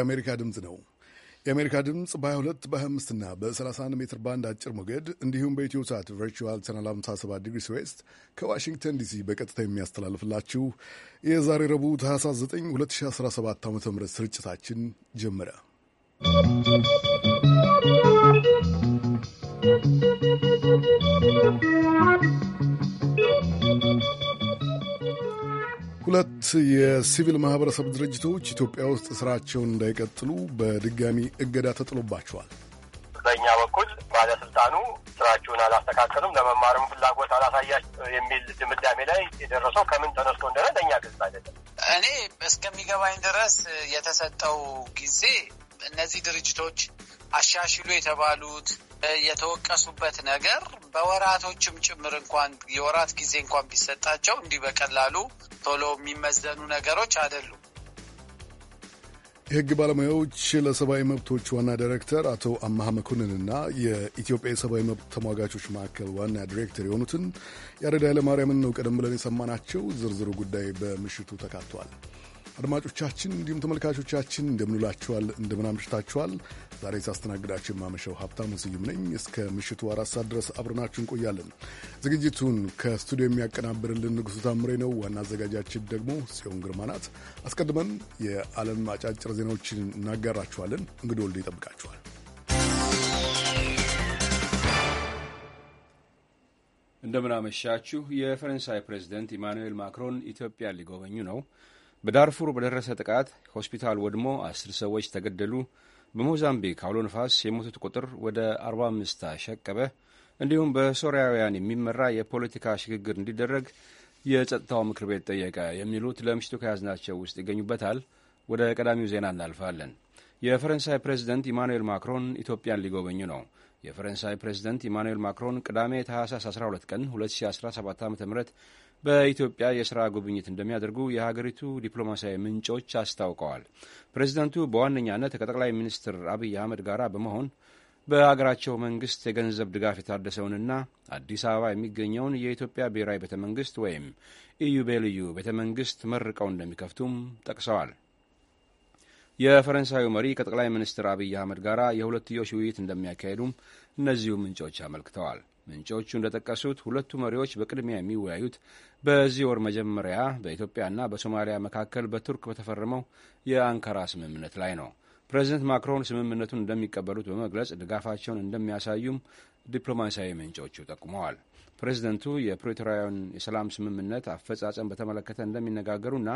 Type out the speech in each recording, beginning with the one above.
የአሜሪካ ድምፅ ነው። የአሜሪካ ድምፅ በ22 በ25ና በ31 ሜትር ባንድ አጭር ሞገድ እንዲሁም በኢትዮ ሳት ቨርቹዋል ቻናል 57 ዲግሪስ ዌስት ከዋሽንግተን ዲሲ በቀጥታ የሚያስተላልፍላችሁ የዛሬ ረቡዕ ታኅሳስ 9 2017 ዓ ም ስርጭታችን ጀመረ። ¶¶ ሁለት የሲቪል ማህበረሰብ ድርጅቶች ኢትዮጵያ ውስጥ ስራቸውን እንዳይቀጥሉ በድጋሚ እገዳ ተጥሎባቸዋል። በእኛ በኩል ባለስልጣኑ ስራችሁን አላስተካከሉም፣ ለመማርም ፍላጎት አላሳያችሁ የሚል ድምዳሜ ላይ የደረሰው ከምን ተነስቶ እንደሆነ ለእኛ ግልጽ አይደለም። እኔ እስከሚገባኝ ድረስ የተሰጠው ጊዜ እነዚህ ድርጅቶች አሻሽሉ የተባሉት የተወቀሱበት ነገር በወራቶችም ጭምር እንኳን የወራት ጊዜ እንኳን ቢሰጣቸው እንዲህ በቀላሉ ቶሎ የሚመዘኑ ነገሮች አይደሉም። የሕግ ባለሙያዎች ለሰብአዊ መብቶች ዋና ዳይሬክተር አቶ አማሃ መኮንንና የኢትዮጵያ የሰብአዊ መብት ተሟጋቾች ማዕከል ዋና ዲሬክተር የሆኑትን ያሬድ ኃይለማርያምን ነው ቀደም ብለን የሰማናቸው። ዝርዝሩ ጉዳይ በምሽቱ ተካቷል። አድማጮቻችን እንዲሁም ተመልካቾቻችን እንደምንውላችኋል፣ እንደምናምሽታችኋል። ዛሬ ሳስተናግዳችሁ የማመሸው ሀብታሙ ስዩም ነኝ። እስከ ምሽቱ አራት ሰዓት ድረስ አብረናችሁ እንቆያለን። ዝግጅቱን ከስቱዲዮ የሚያቀናብርልን ንጉሱ ታምሬ ነው። ዋና አዘጋጃችን ደግሞ ጽዮን ግርማ ናት። አስቀድመን የዓለም አጫጭር ዜናዎችን እናጋራችኋለን። እንግዲህ ወልዶ ይጠብቃችኋል። እንደምናመሻችሁ። የፈረንሳይ ፕሬዚደንት ኢማኑኤል ማክሮን ኢትዮጵያ ሊጎበኙ ነው። በዳርፉር በደረሰ ጥቃት ሆስፒታል ወድሞ አስር ሰዎች ተገደሉ፣ በሞዛምቢክ አውሎ ነፋስ የሞቱት ቁጥር ወደ 45 አሸቀበ እንዲሁም በሶሪያውያን የሚመራ የፖለቲካ ሽግግር እንዲደረግ የጸጥታው ምክር ቤት ጠየቀ። የሚሉት ለምሽቱ ከያዝናቸው ውስጥ ይገኙበታል። ወደ ቀዳሚው ዜና እናልፋለን። የፈረንሳይ ፕሬዚደንት ኢማኑኤል ማክሮን ኢትዮጵያን ሊጎበኙ ነው። የፈረንሳይ ፕሬዚደንት ኢማኑኤል ማክሮን ቅዳሜ ታህሳስ 12 ቀን 2017 ዓ ም በኢትዮጵያ የስራ ጉብኝት እንደሚያደርጉ የሀገሪቱ ዲፕሎማሲያዊ ምንጮች አስታውቀዋል። ፕሬዚደንቱ በዋነኛነት ከጠቅላይ ሚኒስትር አብይ አህመድ ጋር በመሆን በሀገራቸው መንግስት የገንዘብ ድጋፍ የታደሰውንና አዲስ አበባ የሚገኘውን የኢትዮጵያ ብሔራዊ ቤተ መንግስት ወይም ኢዩቤ ልዩ ቤተ መንግስት መርቀው እንደሚከፍቱም ጠቅሰዋል። የፈረንሳዩ መሪ ከጠቅላይ ሚኒስትር አብይ አህመድ ጋር የሁለትዮሽ ውይይት እንደሚያካሄዱም እነዚሁ ምንጮች አመልክተዋል። ምንጮቹ እንደጠቀሱት ሁለቱ መሪዎች በቅድሚያ የሚወያዩት በዚህ ወር መጀመሪያ በኢትዮጵያና በሶማሊያ መካከል በቱርክ በተፈረመው የአንካራ ስምምነት ላይ ነው። ፕሬዚደንት ማክሮን ስምምነቱን እንደሚቀበሉት በመግለጽ ድጋፋቸውን እንደሚያሳዩም ዲፕሎማሲያዊ ምንጮቹ ጠቁመዋል። ፕሬዚደንቱ የፕሪቶሪያውን የሰላም ስምምነት አፈጻጸም በተመለከተ እንደሚነጋገሩና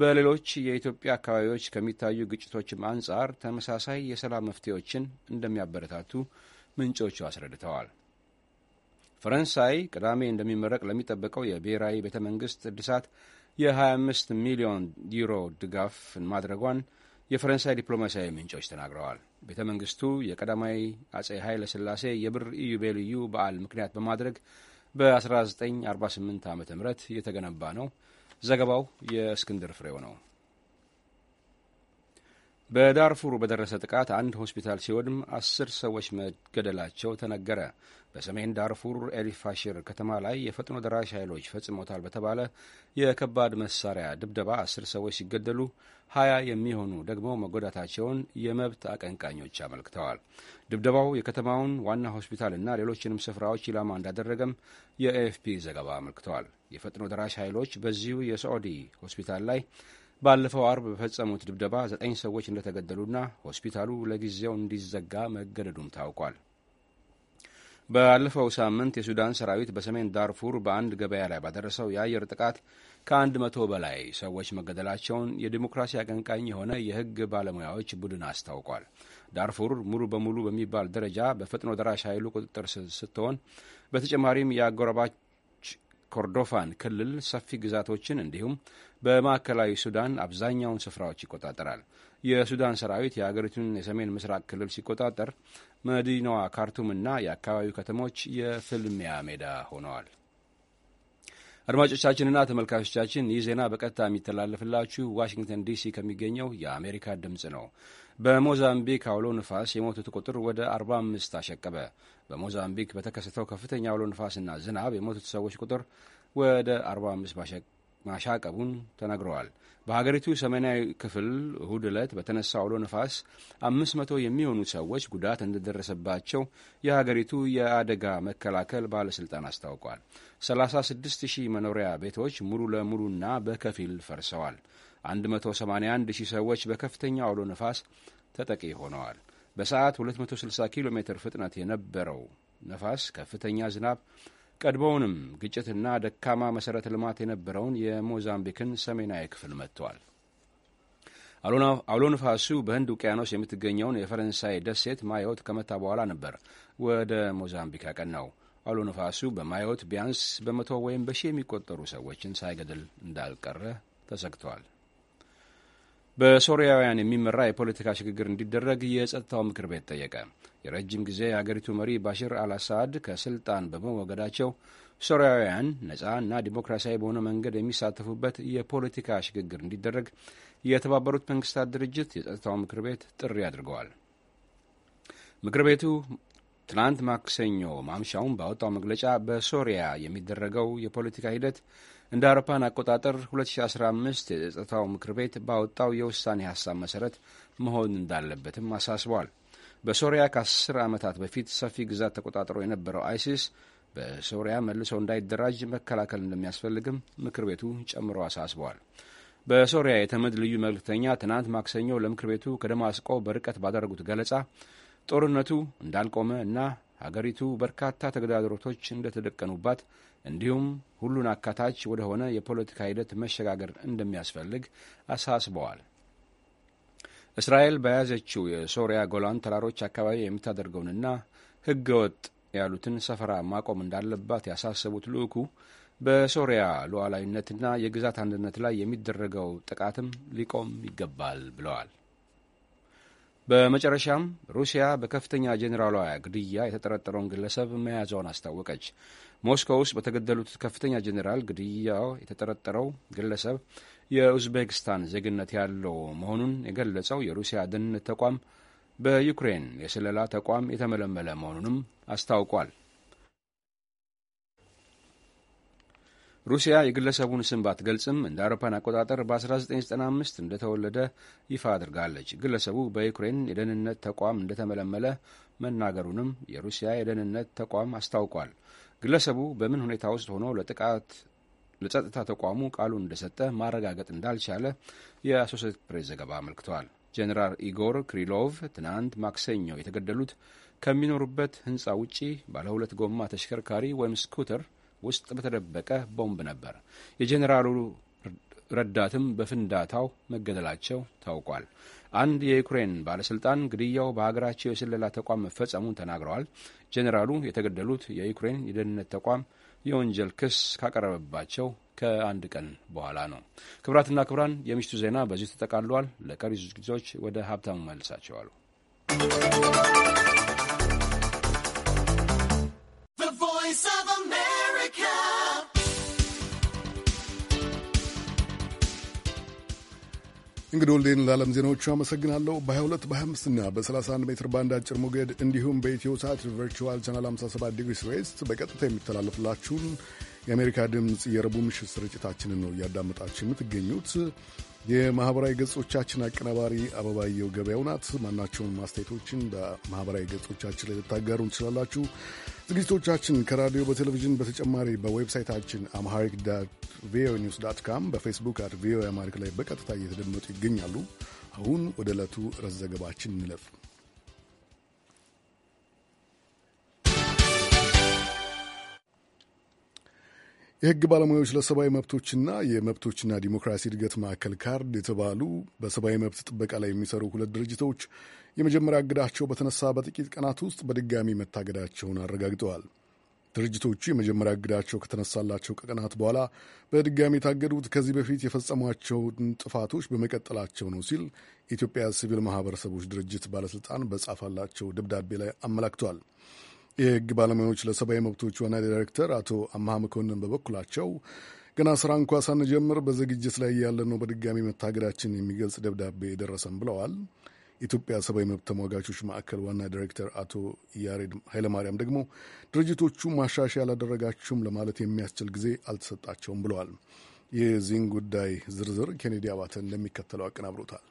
በሌሎች የኢትዮጵያ አካባቢዎች ከሚታዩ ግጭቶችም አንጻር ተመሳሳይ የሰላም መፍትሄዎችን እንደሚያበረታቱ ምንጮቹ አስረድተዋል። ፈረንሳይ ቅዳሜ እንደሚመረቅ ለሚጠበቀው የብሔራዊ ቤተ መንግስት እድሳት የ25 ሚሊዮን ዩሮ ድጋፍ ማድረጓን የፈረንሳይ ዲፕሎማሲያዊ ምንጮች ተናግረዋል። ቤተ መንግስቱ የቀዳማዊ አጼ ኃይለ ሥላሴ የብር ኢዮቤልዩ በዓል ምክንያት በማድረግ በ1948 ዓ ም የተገነባ ነው። ዘገባው የእስክንድር ፍሬው ነው። በዳርፉር በደረሰ ጥቃት አንድ ሆስፒታል ሲወድም አስር ሰዎች መገደላቸው ተነገረ። በሰሜን ዳርፉር ኤልፋሽር ከተማ ላይ የፈጥኖ ደራሽ ኃይሎች ፈጽሞታል በተባለ የከባድ መሳሪያ ድብደባ አስር ሰዎች ሲገደሉ ሀያ የሚሆኑ ደግሞ መጎዳታቸውን የመብት አቀንቃኞች አመልክተዋል። ድብደባው የከተማውን ዋና ሆስፒታልና ሌሎችንም ስፍራዎች ኢላማ እንዳደረገም የኤኤፍፒ ዘገባ አመልክተዋል። የፈጥኖ ደራሽ ኃይሎች በዚሁ የሳዑዲ ሆስፒታል ላይ ባለፈው አርብ በፈጸሙት ድብደባ ዘጠኝ ሰዎች እንደተገደሉና ሆስፒታሉ ለጊዜው እንዲዘጋ መገደዱም ታውቋል። ባለፈው ሳምንት የሱዳን ሰራዊት በሰሜን ዳርፉር በአንድ ገበያ ላይ ባደረሰው የአየር ጥቃት ከአንድ መቶ በላይ ሰዎች መገደላቸውን የዲሞክራሲ አቀንቃኝ የሆነ የሕግ ባለሙያዎች ቡድን አስታውቋል። ዳርፉር ሙሉ በሙሉ በሚባል ደረጃ በፈጥኖ ደራሽ ኃይሉ ቁጥጥር ስትሆን በተጨማሪም የአጎራባች ኮርዶፋን ክልል ሰፊ ግዛቶችን እንዲሁም በማዕከላዊ ሱዳን አብዛኛውን ስፍራዎች ይቆጣጠራል። የሱዳን ሰራዊት የሀገሪቱን የሰሜን ምስራቅ ክልል ሲቆጣጠር መዲናዋ ካርቱምና የአካባቢው ከተሞች የፍልሚያ ሜዳ ሆነዋል። አድማጮቻችንና ተመልካቾቻችን ይህ ዜና በቀጥታ የሚተላለፍላችሁ ዋሽንግተን ዲሲ ከሚገኘው የአሜሪካ ድምፅ ነው። በሞዛምቢክ አውሎ ንፋስ የሞቱት ቁጥር ወደ 45 አሸቀበ። በሞዛምቢክ በተከሰተው ከፍተኛ አውሎ ንፋስና ዝናብ የሞቱት ሰዎች ቁጥር ወደ 45 ማሻቀቡን ተናግረዋል። በሀገሪቱ ሰሜናዊ ክፍል እሁድ ዕለት በተነሳ አውሎ ንፋስ 500 የሚሆኑ ሰዎች ጉዳት እንደደረሰባቸው የሀገሪቱ የአደጋ መከላከል ባለሥልጣን አስታውቋል። 36 ሺህ መኖሪያ ቤቶች ሙሉ ለሙሉና በከፊል ፈርሰዋል። 181 ሺህ ሰዎች በከፍተኛ አውሎ ነፋስ ተጠቂ ሆነዋል። በሰዓት 260 ኪሎ ሜትር ፍጥነት የነበረው ነፋስ ከፍተኛ ዝናብ፣ ቀድሞውንም ግጭትና ደካማ መሠረተ ልማት የነበረውን የሞዛምቢክን ሰሜናዊ ክፍል መጥቷል። አውሎ ነፋሱ በህንድ ውቅያኖስ የምትገኘውን የፈረንሳይ ደሴት ማዮት ከመታ በኋላ ነበር ወደ ሞዛምቢክ ያቀናው። አውሎ ነፋሱ በማዮት ቢያንስ በመቶ ወይም በሺህ የሚቆጠሩ ሰዎችን ሳይገድል እንዳልቀረ ተሰግቷል። በሶሪያውያን የሚመራ የፖለቲካ ሽግግር እንዲደረግ የጸጥታው ምክር ቤት ጠየቀ። የረጅም ጊዜ የአገሪቱ መሪ ባሽር አልአሳድ ከስልጣን በመወገዳቸው ሶሪያውያን ነፃና ዲሞክራሲያዊ በሆነ መንገድ የሚሳተፉበት የፖለቲካ ሽግግር እንዲደረግ የተባበሩት መንግስታት ድርጅት የጸጥታው ምክር ቤት ጥሪ አድርገዋል። ምክር ቤቱ ትናንት ማክሰኞ ማምሻውን ባወጣው መግለጫ በሶሪያ የሚደረገው የፖለቲካ ሂደት እንደ አውሮፓን አቆጣጠር 2015 የጸጥታው ምክር ቤት ባወጣው የውሳኔ ሀሳብ መሰረት መሆን እንዳለበትም አሳስበዋል። በሶሪያ ከ10 ዓመታት በፊት ሰፊ ግዛት ተቆጣጥሮ የነበረው አይሲስ በሶሪያ መልሶ እንዳይደራጅ መከላከል እንደሚያስፈልግም ምክር ቤቱ ጨምሮ አሳስበዋል። በሶሪያ የተመድ ልዩ መልእክተኛ ትናንት ማክሰኞ ለምክር ቤቱ ከደማስቆ በርቀት ባደረጉት ገለጻ ጦርነቱ እንዳልቆመ እና ሀገሪቱ በርካታ ተግዳሮቶች እንደተደቀኑባት እንዲሁም ሁሉን አካታች ወደሆነ የፖለቲካ ሂደት መሸጋገር እንደሚያስፈልግ አሳስበዋል። እስራኤል በያዘችው የሶሪያ ጎላን ተራሮች አካባቢ የምታደርገውንና ሕገ ወጥ ያሉትን ሰፈራ ማቆም እንዳለባት ያሳሰቡት ልዑኩ በሶሪያ ሉዓላዊነትና የግዛት አንድነት ላይ የሚደረገው ጥቃትም ሊቆም ይገባል ብለዋል። በመጨረሻም ሩሲያ በከፍተኛ ጄኔራሏ ግድያ የተጠረጠረውን ግለሰብ መያዟን አስታወቀች። ሞስኮ ውስጥ በተገደሉት ከፍተኛ ጄኔራል ግድያ የተጠረጠረው ግለሰብ የኡዝቤክስታን ዜግነት ያለው መሆኑን የገለጸው የሩሲያ ደህንነት ተቋም በዩክሬን የስለላ ተቋም የተመለመለ መሆኑንም አስታውቋል። ሩሲያ የግለሰቡን ስም ባትገልጽም እንደ አውሮፓን አቆጣጠር በ1995 እንደተወለደ ይፋ አድርጋለች። ግለሰቡ በዩክሬን የደህንነት ተቋም እንደተመለመለ መናገሩንም የሩሲያ የደህንነት ተቋም አስታውቋል። ግለሰቡ በምን ሁኔታ ውስጥ ሆኖ ለጥቃት ለጸጥታ ተቋሙ ቃሉን እንደሰጠ ማረጋገጥ እንዳልቻለ የአሶሴትድ ፕሬስ ዘገባ አመልክቷል። ጄኔራል ኢጎር ክሪሎቭ ትናንት ማክሰኞ የተገደሉት ከሚኖሩበት ህንፃ ውጪ ባለ ሁለት ጎማ ተሽከርካሪ ወይም ስኩተር ውስጥ በተደበቀ ቦምብ ነበር። የጄኔራሉ ረዳትም በፍንዳታው መገደላቸው ታውቋል። አንድ የዩክሬን ባለሥልጣን ግድያው በሀገራቸው የስለላ ተቋም መፈጸሙን ተናግረዋል። ጄኔራሉ የተገደሉት የዩክሬን የደህንነት ተቋም የወንጀል ክስ ካቀረበባቸው ከአንድ ቀን በኋላ ነው። ክብራትና ክብራን የምሽቱ ዜና በዚሁ ተጠቃሏል። ለቀሪ ዝግጅቶች ወደ ሀብታሙ መልሳቸዋሉ። እንግዲህ ወልዴን ለዓለም ዜናዎቹ አመሰግናለሁ። በ22 በ25 እና በ31 ሜትር ባንድ አጭር ሞገድ እንዲሁም በኢትዮ ሳት ቨርቹዋል ቻናል 57 ዲግሪስ ዌስት በቀጥታ የሚተላለፍላችሁን የአሜሪካ ድምፅ የረቡዕ ምሽት ስርጭታችንን ነው እያዳመጣችሁ የምትገኙት። የማህበራዊ ገጾቻችን አቀናባሪ አበባየው ገበያው ናት። ማናቸውን ማስተያየቶችን በማህበራዊ ገጾቻችን ላይ ልታጋሩ ትችላላችሁ። ዝግጅቶቻችን ከራዲዮ በቴሌቪዥን በተጨማሪ በዌብሳይታችን አምሃሪክ ዳት ቪኦኤ ኒውስ ዳት ካም በፌስቡክ አት ቪኦኤ አማሪክ ላይ በቀጥታ እየተደመጡ ይገኛሉ። አሁን ወደ ዕለቱ ርዕሰ ዘገባችን እንለፍ። የህግ ባለሙያዎች ለሰብአዊ መብቶችና የመብቶችና ዲሞክራሲ እድገት ማዕከል ካርድ የተባሉ በሰብአዊ መብት ጥበቃ ላይ የሚሰሩ ሁለት ድርጅቶች የመጀመሪያ እግዳቸው በተነሳ በጥቂት ቀናት ውስጥ በድጋሚ መታገዳቸውን አረጋግጠዋል። ድርጅቶቹ የመጀመሪያ እግዳቸው ከተነሳላቸው ቀናት በኋላ በድጋሚ የታገዱት ከዚህ በፊት የፈጸሟቸውን ጥፋቶች በመቀጠላቸው ነው ሲል የኢትዮጵያ ሲቪል ማህበረሰቦች ድርጅት ባለስልጣን በጻፋላቸው ደብዳቤ ላይ አመላክቷል። የህግ ባለሙያዎች ለሰብአዊ መብቶች ዋና ዳይሬክተር አቶ አምሃ መኮንን በበኩላቸው ገና ስራ እንኳ ሳንጀምር በዝግጅት ላይ ያለ ነው በድጋሚ መታገዳችን የሚገልጽ ደብዳቤ የደረሰን ብለዋል። የኢትዮጵያ ሰብአዊ መብት ተሟጋቾች ማዕከል ዋና ዳይሬክተር አቶ ያሬድ ኃይለማርያም ደግሞ ድርጅቶቹ ማሻሻያ አላደረጋችሁም ለማለት የሚያስችል ጊዜ አልተሰጣቸውም ብለዋል። የዚህን ጉዳይ ዝርዝር ኬኔዲ አባተ እንደሚከተለው አቀናብሮታል።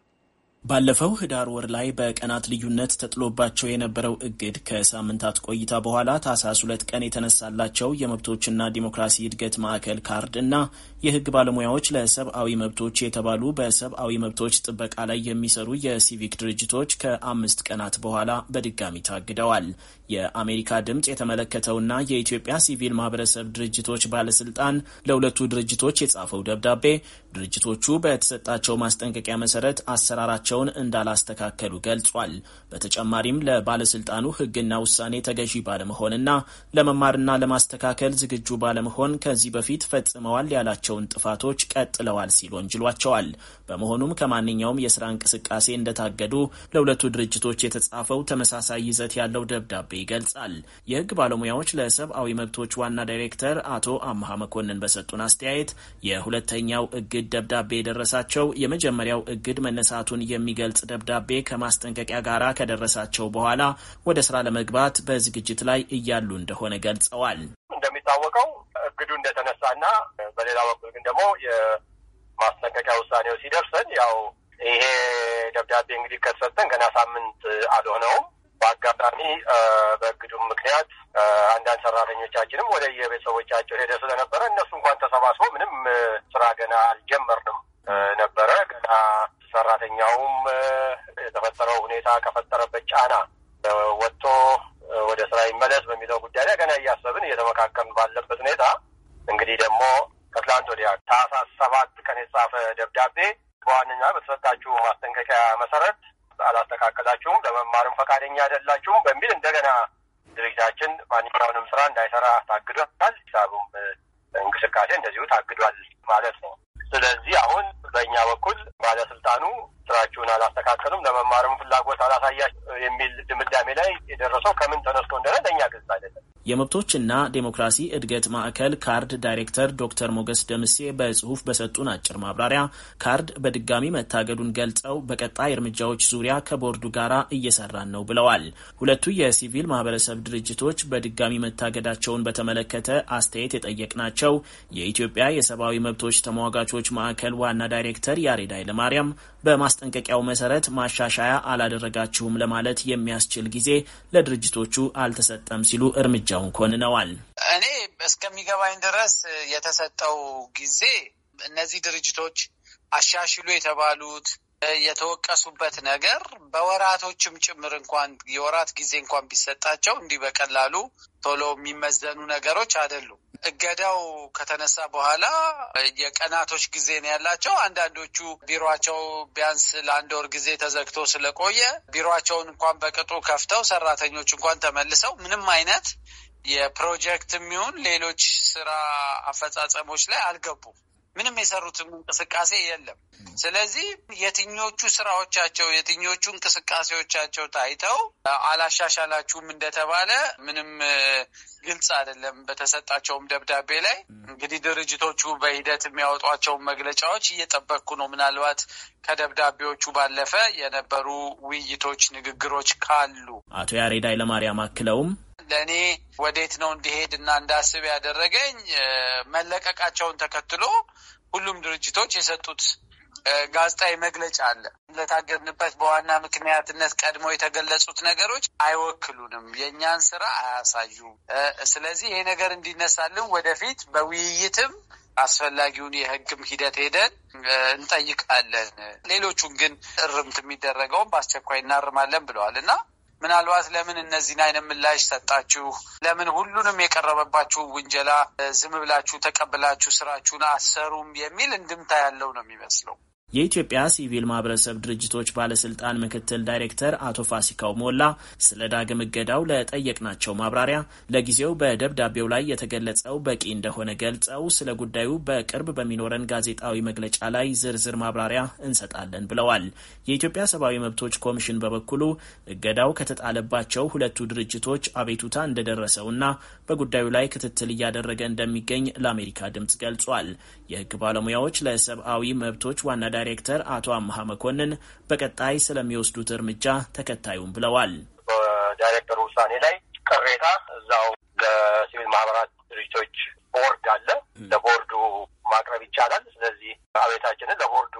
ባለፈው ህዳር ወር ላይ በቀናት ልዩነት ተጥሎባቸው የነበረው እግድ ከሳምንታት ቆይታ በኋላ ታህሳስ ሁለት ቀን የተነሳላቸው የመብቶችና ዲሞክራሲ እድገት ማዕከል ካርድ እና የህግ ባለሙያዎች ለሰብአዊ መብቶች የተባሉ በሰብአዊ መብቶች ጥበቃ ላይ የሚሰሩ የሲቪክ ድርጅቶች ከአምስት ቀናት በኋላ በድጋሚ ታግደዋል። የአሜሪካ ድምፅ የተመለከተውና የኢትዮጵያ ሲቪል ማህበረሰብ ድርጅቶች ባለስልጣን ለሁለቱ ድርጅቶች የጻፈው ደብዳቤ ድርጅቶቹ በተሰጣቸው ማስጠንቀቂያ መሰረት አሰራራቸውን እንዳላስተካከሉ ገልጿል። በተጨማሪም ለባለስልጣኑ ሕግና ውሳኔ ተገዢ ባለመሆንና ለመማርና ለማስተካከል ዝግጁ ባለመሆን ከዚህ በፊት ፈጽመዋል ያላቸውን ጥፋቶች ቀጥለዋል ሲል ወንጅሏቸዋል። በመሆኑም ከማንኛውም የስራ እንቅስቃሴ እንደታገዱ ለሁለቱ ድርጅቶች የተጻፈው ተመሳሳይ ይዘት ያለው ደብዳቤ ይገልጻል። የህግ ባለሙያዎች ለሰብአዊ መብቶች ዋና ዳይሬክተር አቶ አምሃ መኮንን በሰጡን አስተያየት የሁለተኛው እግድ ደብዳቤ የደረሳቸው የመጀመሪያው እግድ መነሳቱን የሚገልጽ ደብዳቤ ከማስጠንቀቂያ ጋር ከደረሳቸው በኋላ ወደ ስራ ለመግባት በዝግጅት ላይ እያሉ እንደሆነ ገልጸዋል። እንደሚታወቀው እግዱ እንደተነሳና በሌላ በኩል ግን ደግሞ የማስጠንቀቂያ ውሳኔው ሲደርሰን ያው ይሄ ደብዳቤ እንግዲህ ከተሰጠን ገና ሳምንት አልሆነውም። በአጋጣሚ በእግዱም ምክንያት አንዳንድ ሰራተኞቻችንም ወደ የቤተሰቦቻቸው ሄደ ስለነበረ እነሱ እንኳን ተሰባስቦ ምንም ስራ ገና አልጀመርንም ነበረ። ገና ሰራተኛውም የተፈጠረው ሁኔታ ከፈጠረበት ጫና ወጥቶ ወደ ስራ ይመለስ በሚለው ጉዳይ ላይ ገና እያሰብን እየተመካከልን ባለበት ሁኔታ እንግዲህ ደግሞ ከትላንት ወዲያ ታህሳስ ሰባት ቀን የተጻፈ ደብዳቤ በዋነኛ በተሰጣችሁ ማስጠንቀቂያ መሰረት አላስተካከላችሁም፣ ለመማርም ፈቃደኛ አይደላችሁም በሚል እንደገና ድርጅታችን ማንኛውንም ስራ እንዳይሰራ ታግዷል። ሂሳቡም እንቅስቃሴ እንደዚሁ ታግዷል ማለት ነው። ስለዚህ አሁን በእኛ በኩል ባለስልጣኑ ስራችሁን አላስተካከሉም፣ ለመማርም ፍላጎት አላሳያቸው የሚል ድምዳሜ ላይ የደረሰው ከምን ተነስቶ እንደሆነ ለእኛ ግልጽ አይደለም። የመብቶችና ዴሞክራሲ እድገት ማዕከል ካርድ ዳይሬክተር ዶክተር ሞገስ ደምሴ በጽሁፍ በሰጡን አጭር ማብራሪያ ካርድ በድጋሚ መታገዱን ገልጸው በቀጣይ እርምጃዎች ዙሪያ ከቦርዱ ጋር እየሰራን ነው ብለዋል። ሁለቱ የሲቪል ማህበረሰብ ድርጅቶች በድጋሚ መታገዳቸውን በተመለከተ አስተያየት የጠየቅናቸው የኢትዮጵያ የሰብአዊ መብቶች ተሟጋቾች ማዕከል ዋና ዳይሬክተር ያሬድ ኃይለማርያም በማስጠንቀቂያው መሰረት ማሻሻያ አላደረጋችሁም ለማለት የሚያስችል ጊዜ ለድርጅቶቹ አልተሰጠም ሲሉ እርምጃውን ኮንነዋል። እኔ እስከሚገባኝ ድረስ የተሰጠው ጊዜ እነዚህ ድርጅቶች አሻሽሉ የተባሉት የተወቀሱበት ነገር በወራቶችም ጭምር እንኳን የወራት ጊዜ እንኳን ቢሰጣቸው እንዲህ በቀላሉ ቶሎ የሚመዘኑ ነገሮች አይደሉም። እገዳው ከተነሳ በኋላ የቀናቶች ጊዜ ነው ያላቸው። አንዳንዶቹ ቢሮቸው ቢያንስ ለአንድ ወር ጊዜ ተዘግቶ ስለቆየ ቢሮቸውን እንኳን በቅጡ ከፍተው ሰራተኞች እንኳን ተመልሰው ምንም አይነት የፕሮጀክት የሚሆን ሌሎች ስራ አፈጻጸሞች ላይ አልገቡም። ምንም የሰሩትም እንቅስቃሴ የለም። ስለዚህ የትኞቹ ስራዎቻቸው የትኞቹ እንቅስቃሴዎቻቸው ታይተው አላሻሻላችሁም እንደተባለ ምንም ግልጽ አይደለም። በተሰጣቸውም ደብዳቤ ላይ እንግዲህ ድርጅቶቹ በሂደት የሚያወጧቸውን መግለጫዎች እየጠበቅኩ ነው። ምናልባት ከደብዳቤዎቹ ባለፈ የነበሩ ውይይቶች፣ ንግግሮች ካሉ አቶ ያሬድ ኃይለማርያም አክለውም ለእኔ ወዴት ነው እንዲሄድ እና እንዳስብ ያደረገኝ መለቀቃቸውን ተከትሎ ሁሉም ድርጅቶች የሰጡት ጋዜጣዊ መግለጫ አለ። ለታገድንበት በዋና ምክንያትነት ቀድሞ የተገለጹት ነገሮች አይወክሉንም፣ የእኛን ስራ አያሳዩም። ስለዚህ ይሄ ነገር እንዲነሳልን ወደፊት በውይይትም አስፈላጊውን የሕግም ሂደት ሄደን እንጠይቃለን። ሌሎቹን ግን እርምት የሚደረገውን በአስቸኳይ እናርማለን ብለዋል እና ምናልባት ለምን እነዚህን አይነት ምላሽ ሰጣችሁ? ለምን ሁሉንም የቀረበባችሁ ውንጀላ ዝም ብላችሁ ተቀብላችሁ ስራችሁን አሰሩም የሚል እንድምታ ያለው ነው የሚመስለው። የኢትዮጵያ ሲቪል ማህበረሰብ ድርጅቶች ባለስልጣን ምክትል ዳይሬክተር አቶ ፋሲካው ሞላ ስለ ዳግም እገዳው ለጠየቅናቸው ማብራሪያ ለጊዜው በደብዳቤው ላይ የተገለጸው በቂ እንደሆነ ገልጸው ስለ ጉዳዩ በቅርብ በሚኖረን ጋዜጣዊ መግለጫ ላይ ዝርዝር ማብራሪያ እንሰጣለን ብለዋል። የኢትዮጵያ ሰብአዊ መብቶች ኮሚሽን በበኩሉ እገዳው ከተጣለባቸው ሁለቱ ድርጅቶች አቤቱታ እንደደረሰውና በጉዳዩ ላይ ክትትል እያደረገ እንደሚገኝ ለአሜሪካ ድምጽ ገልጿል። የህግ ባለሙያዎች ለሰብአዊ መብቶች ዋና ዳይሬክተር አቶ አመሀ መኮንን በቀጣይ ስለሚወስዱት እርምጃ ተከታዩም ብለዋል። በዳይሬክተሩ ውሳኔ ላይ ቅሬታ እዛው ለሲቪል ማህበራት ድርጅቶች ቦርድ አለ። ለቦርዱ ማቅረብ ይቻላል። ስለዚህ አቤታችንን ለቦርዱ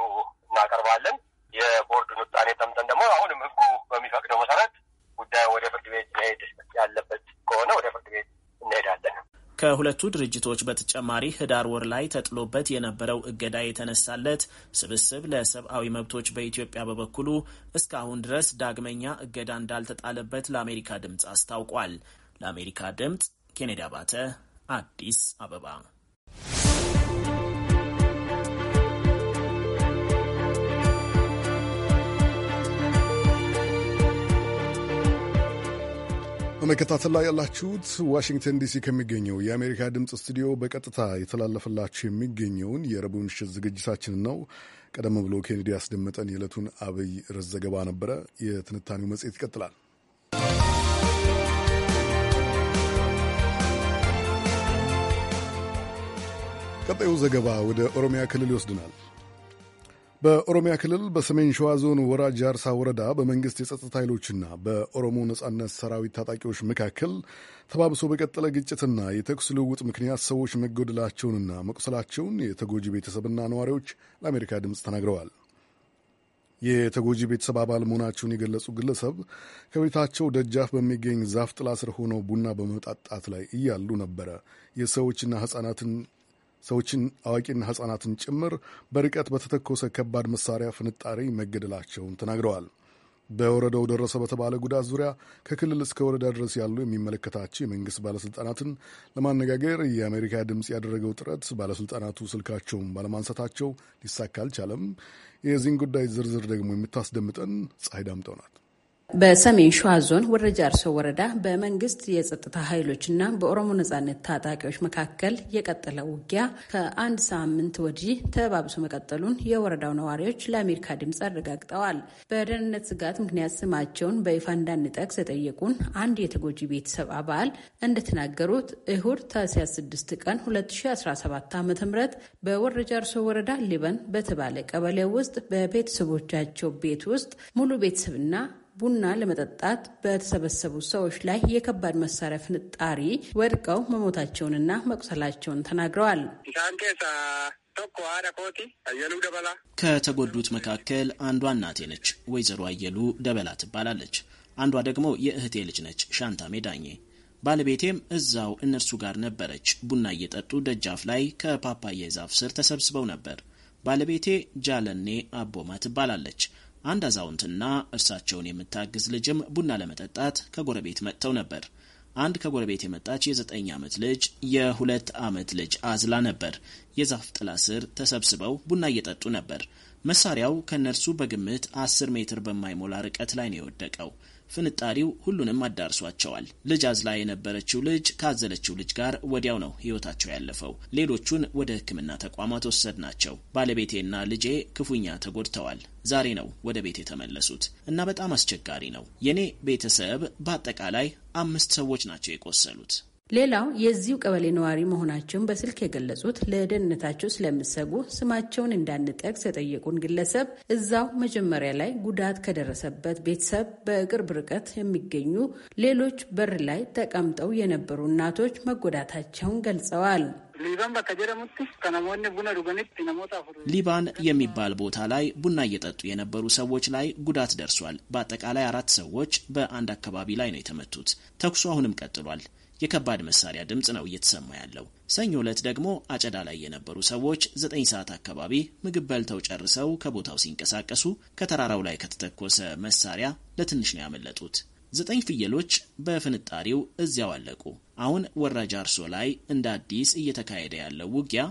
እናቀርባለን። የቦርዱን ውሳኔ ጠምጠን ደግሞ አሁንም ህጉ በሚፈቅደው መሰረት ጉዳዩ ወደ ፍርድ ቤት መሄድ ያለበት ከሆነ ወደ ፍርድ ቤት እንሄዳለን። ከሁለቱ ድርጅቶች በተጨማሪ ህዳር ወር ላይ ተጥሎበት የነበረው እገዳ የተነሳለት ስብስብ ለሰብአዊ መብቶች በኢትዮጵያ በበኩሉ እስካሁን ድረስ ዳግመኛ እገዳ እንዳልተጣለበት ለአሜሪካ ድምፅ አስታውቋል። ለአሜሪካ ድምፅ ኬኔዲ አባተ አዲስ አበባ በመከታተል ላይ ያላችሁት ዋሽንግተን ዲሲ ከሚገኘው የአሜሪካ ድምፅ ስቱዲዮ በቀጥታ የተላለፈላችሁ የሚገኘውን የረቡዕ ምሽት ዝግጅታችንን ነው። ቀደም ብሎ ኬኔዲ ያስደመጠን የዕለቱን አብይ ርዕስ ዘገባ ነበረ። የትንታኔው መጽሔት ይቀጥላል። ቀጣዩ ዘገባ ወደ ኦሮሚያ ክልል ይወስድናል። በኦሮሚያ ክልል በሰሜን ሸዋ ዞን ወራጅ አርሳ ወረዳ በመንግስት የጸጥታ ኃይሎችና በኦሮሞ ነጻነት ሰራዊት ታጣቂዎች መካከል ተባብሶ በቀጠለ ግጭትና የተኩስ ልውውጥ ምክንያት ሰዎች መጎደላቸውንና መቁሰላቸውን የተጎጂ ቤተሰብና ነዋሪዎች ለአሜሪካ ድምፅ ተናግረዋል። የተጎጂ ቤተሰብ አባል መሆናቸውን የገለጹ ግለሰብ ከቤታቸው ደጃፍ በሚገኝ ዛፍ ጥላ ስር ሆነው ቡና በመጣጣት ላይ እያሉ ነበረ የሰዎችና ህጻናትን ሰዎችን አዋቂና ሕጻናትን ጭምር በርቀት በተተኮሰ ከባድ መሳሪያ ፍንጣሪ መገደላቸውን ተናግረዋል። በወረዳው ደረሰ በተባለ ጉዳት ዙሪያ ከክልል እስከ ወረዳ ድረስ ያሉ የሚመለከታቸው የመንግስት ባለስልጣናትን ለማነጋገር የአሜሪካ ድምፅ ያደረገው ጥረት ባለስልጣናቱ ስልካቸውን ባለማንሳታቸው ሊሳካ አልቻለም። የዚህን ጉዳይ ዝርዝር ደግሞ የምታስደምጠን ፀሐይ ዳምጠው ናት። በሰሜን ሸዋ ዞን ወረ ጃርሶ ወረዳ በመንግስት የጸጥታ ኃይሎችና በኦሮሞ ነጻነት ታጣቂዎች መካከል የቀጠለው ውጊያ ከአንድ ሳምንት ወዲህ ተባብሶ መቀጠሉን የወረዳው ነዋሪዎች ለአሜሪካ ድምፅ አረጋግጠዋል። በደህንነት ስጋት ምክንያት ስማቸውን በይፋ እንዳንጠቅስ የጠየቁን አንድ የተጎጂ ቤተሰብ አባል እንደተናገሩት እሁድ ታህሳስ 6 ቀን 2017 ዓ ም በወረ ጃርሶ ወረዳ ሊበን በተባለ ቀበሌ ውስጥ በቤተሰቦቻቸው ቤት ውስጥ ሙሉ ቤተሰብና ቡና ለመጠጣት በተሰበሰቡ ሰዎች ላይ የከባድ መሳሪያ ፍንጣሪ ወድቀው መሞታቸውንና መቁሰላቸውን ተናግረዋል። ከተጎዱት መካከል አንዷ እናቴ ነች። ወይዘሮ አየሉ ደበላ ትባላለች። አንዷ ደግሞ የእህቴ ልጅ ነች፣ ሻንታ ሜዳኜ። ባለቤቴም እዛው እነርሱ ጋር ነበረች። ቡና እየጠጡ ደጃፍ ላይ ከፓፓየ ዛፍ ስር ተሰብስበው ነበር። ባለቤቴ ጃለኔ አቦማ ትባላለች። አንድ አዛውንትና እርሳቸውን የምታግዝ ልጅም ቡና ለመጠጣት ከጎረቤት መጥተው ነበር። አንድ ከጎረቤት የመጣች የዘጠኝ ዓመት ልጅ የሁለት ዓመት ልጅ አዝላ ነበር። የዛፍ ጥላ ስር ተሰብስበው ቡና እየጠጡ ነበር። መሳሪያው ከእነርሱ በግምት አስር ሜትር በማይሞላ ርቀት ላይ ነው የወደቀው። ፍንጣሪው ሁሉንም አዳርሷቸዋል። ልጅ አዝላ የነበረችው ልጅ ካዘለችው ልጅ ጋር ወዲያው ነው ህይወታቸው ያለፈው። ሌሎቹን ወደ ሕክምና ተቋማት ወሰድናቸው። ባለቤቴና ልጄ ክፉኛ ተጎድተዋል። ዛሬ ነው ወደ ቤት የተመለሱት እና በጣም አስቸጋሪ ነው። የኔ ቤተሰብ በአጠቃላይ አምስት ሰዎች ናቸው የቆሰሉት። ሌላው የዚሁ ቀበሌ ነዋሪ መሆናቸውን በስልክ የገለጹት ለደህንነታቸው ስለሚሰጉ ስማቸውን እንዳንጠቅስ የጠየቁን ግለሰብ እዛው መጀመሪያ ላይ ጉዳት ከደረሰበት ቤተሰብ በቅርብ ርቀት የሚገኙ ሌሎች በር ላይ ተቀምጠው የነበሩ እናቶች መጎዳታቸውን ገልጸዋል። ሊባን የሚባል ቦታ ላይ ቡና እየጠጡ የነበሩ ሰዎች ላይ ጉዳት ደርሷል። በአጠቃላይ አራት ሰዎች በአንድ አካባቢ ላይ ነው የተመቱት። ተኩሱ አሁንም ቀጥሏል። የከባድ መሳሪያ ድምፅ ነው እየተሰማ ያለው። ሰኞ ዕለት ደግሞ አጨዳ ላይ የነበሩ ሰዎች ዘጠኝ ሰዓት አካባቢ ምግብ በልተው ጨርሰው ከቦታው ሲንቀሳቀሱ ከተራራው ላይ ከተተኮሰ መሳሪያ ለትንሽ ነው ያመለጡት። ዘጠኝ ፍየሎች በፍንጣሪው እዚያው አለቁ። አሁን ወራጃ አርሶ ላይ እንደ አዲስ እየተካሄደ ያለው ውጊያ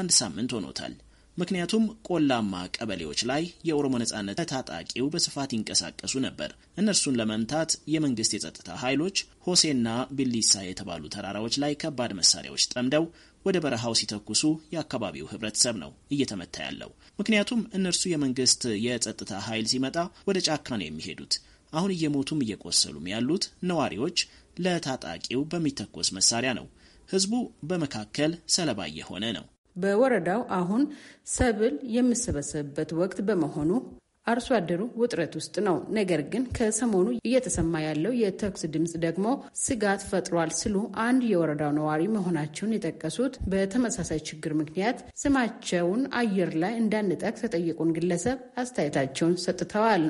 አንድ ሳምንት ሆኖታል። ምክንያቱም ቆላማ ቀበሌዎች ላይ የኦሮሞ ነጻነት ታጣቂው በስፋት ይንቀሳቀሱ ነበር። እነርሱን ለመምታት የመንግስት የጸጥታ ኃይሎች ሆሴና ቢሊሳ የተባሉ ተራራዎች ላይ ከባድ መሳሪያዎች ጠምደው ወደ በረሃው ሲተኩሱ የአካባቢው ህብረተሰብ ነው እየተመታ ያለው። ምክንያቱም እነርሱ የመንግስት የጸጥታ ኃይል ሲመጣ ወደ ጫካ ነው የሚሄዱት። አሁን እየሞቱም እየቆሰሉም ያሉት ነዋሪዎች ለታጣቂው በሚተኮስ መሳሪያ ነው። ህዝቡ በመካከል ሰለባ እየሆነ ነው። በወረዳው አሁን ሰብል የምሰበሰብበት ወቅት በመሆኑ አርሶ አደሩ ውጥረት ውስጥ ነው። ነገር ግን ከሰሞኑ እየተሰማ ያለው የተኩስ ድምፅ ደግሞ ስጋት ፈጥሯል ሲሉ አንድ የወረዳው ነዋሪ መሆናቸውን የጠቀሱት በተመሳሳይ ችግር ምክንያት ስማቸውን አየር ላይ እንዳንጠቅስ ተጠየቁን ግለሰብ አስተያየታቸውን ሰጥተዋል።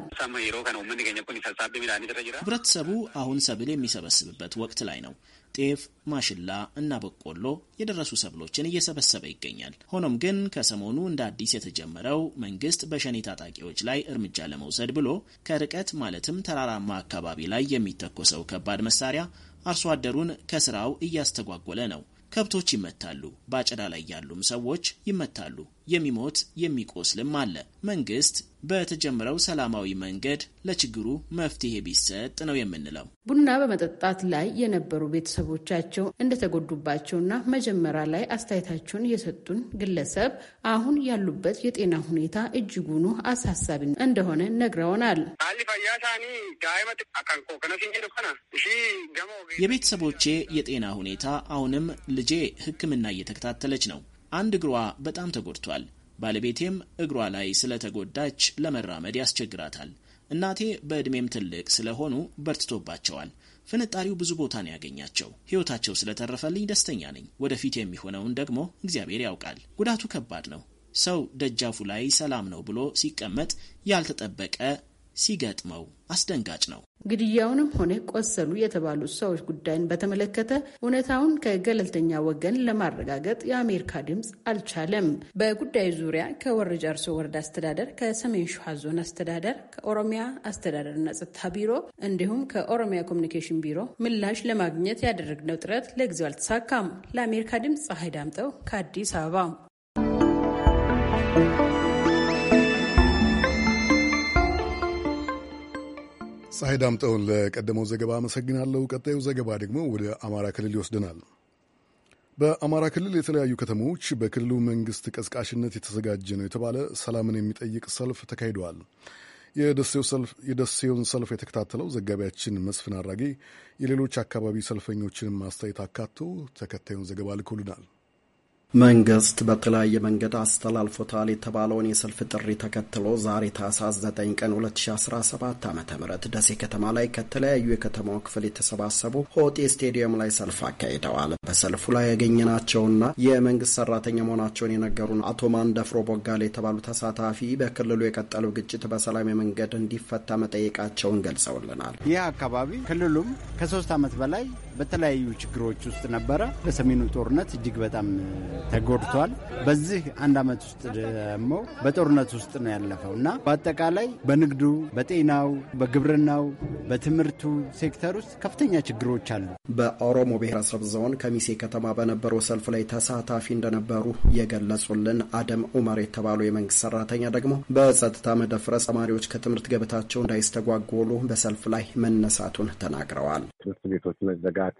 ህብረተሰቡ አሁን ሰብል የሚሰበስብበት ወቅት ላይ ነው። ጤፍ፣ ማሽላ እና በቆሎ የደረሱ ሰብሎችን እየሰበሰበ ይገኛል። ሆኖም ግን ከሰሞኑ እንደ አዲስ የተጀመረው መንግስት በሸኔ ታጣቂዎች ላይ እርምጃ ለመውሰድ ብሎ ከርቀት ማለትም ተራራማ አካባቢ ላይ የሚተኮሰው ከባድ መሳሪያ አርሶ አደሩን ከስራው እያስተጓጎለ ነው። ከብቶች ይመታሉ፣ በአጨዳ ላይ ያሉም ሰዎች ይመታሉ። የሚሞት የሚቆስልም አለ። መንግስት በተጀመረው ሰላማዊ መንገድ ለችግሩ መፍትሄ ቢሰጥ ነው የምንለው። ቡና በመጠጣት ላይ የነበሩ ቤተሰቦቻቸው እንደተጎዱባቸውና መጀመሪያ ላይ አስተያየታቸውን የሰጡን ግለሰብ አሁን ያሉበት የጤና ሁኔታ እጅጉኑ አሳሳቢ እንደሆነ ነግረውናል። የቤተሰቦቼ የጤና ሁኔታ አሁንም ልጄ ሕክምና እየተከታተለች ነው። አንድ እግሯ በጣም ተጎድቷል። ባለቤቴም እግሯ ላይ ስለተጎዳች ለመራመድ ያስቸግራታል። እናቴ በዕድሜም ትልቅ ስለሆኑ በርትቶባቸዋል። ፍንጣሪው ብዙ ቦታ ነው ያገኛቸው። ሕይወታቸው ስለተረፈልኝ ደስተኛ ነኝ። ወደፊት የሚሆነውን ደግሞ እግዚአብሔር ያውቃል። ጉዳቱ ከባድ ነው። ሰው ደጃፉ ላይ ሰላም ነው ብሎ ሲቀመጥ ያልተጠበቀ ሲገጥመው አስደንጋጭ ነው። ግድያውንም ሆነ ቆሰሉ የተባሉት ሰዎች ጉዳይን በተመለከተ እውነታውን ከገለልተኛ ወገን ለማረጋገጥ የአሜሪካ ድምፅ አልቻለም። በጉዳዩ ዙሪያ ከወረ ጃርሶ ወረዳ አስተዳደር፣ ከሰሜን ሸዋ ዞን አስተዳደር፣ ከኦሮሚያ አስተዳደርና ጸጥታ ቢሮ እንዲሁም ከኦሮሚያ ኮሚኒኬሽን ቢሮ ምላሽ ለማግኘት ያደረግነው ጥረት ለጊዜው አልተሳካም። ለአሜሪካ ድምፅ ፀሐይ ዳምጠው ከአዲስ አበባ ፀሐይ ዳምጠውን ለቀደመው ዘገባ አመሰግናለሁ። ቀጣዩ ዘገባ ደግሞ ወደ አማራ ክልል ይወስደናል። በአማራ ክልል የተለያዩ ከተሞች በክልሉ መንግስት ቀስቃሽነት የተዘጋጀ ነው የተባለ ሰላምን የሚጠይቅ ሰልፍ ተካሂደዋል። የደሴውን ሰልፍ የተከታተለው ዘጋቢያችን መስፍን አራጌ የሌሎች አካባቢ ሰልፈኞችን ማስተያየት አካቶ ተከታዩን ዘገባ ልኮልናል። መንግስት በተለያየ መንገድ አስተላልፎታል የተባለውን የሰልፍ ጥሪ ተከትሎ ዛሬ ታህሳስ 9 ቀን 2017 ዓ ም ደሴ ከተማ ላይ ከተለያዩ የከተማው ክፍል የተሰባሰቡ ሆጤ ስቴዲየም ላይ ሰልፍ አካሂደዋል። በሰልፉ ላይ ያገኘናቸውና የመንግስት ሰራተኛ መሆናቸውን የነገሩን አቶ ማንደፍሮ ቦጋል የተባሉ ተሳታፊ በክልሉ የቀጠለው ግጭት በሰላም መንገድ እንዲፈታ መጠየቃቸውን ገልጸውልናል። ይህ አካባቢ ክልሉም ከሶስት ዓመት በላይ በተለያዩ ችግሮች ውስጥ ነበረ። በሰሜኑ ጦርነት እጅግ በጣም ተጎድቷል። በዚህ አንድ ዓመት ውስጥ ደግሞ በጦርነት ውስጥ ነው ያለፈው እና በአጠቃላይ በንግዱ፣ በጤናው፣ በግብርናው፣ በትምህርቱ ሴክተር ውስጥ ከፍተኛ ችግሮች አሉ። በኦሮሞ ብሔረሰብ ዞን ከሚሴ ከተማ በነበረው ሰልፍ ላይ ተሳታፊ እንደነበሩ የገለጹልን አደም ኡመር የተባሉ የመንግስት ሰራተኛ ደግሞ በጸጥታ መደፍረስ ተማሪዎች ከትምህርት ገበታቸው እንዳይስተጓጎሉ በሰልፍ ላይ መነሳቱን ተናግረዋል። ትምህርት ቤቶች መዘጋት፣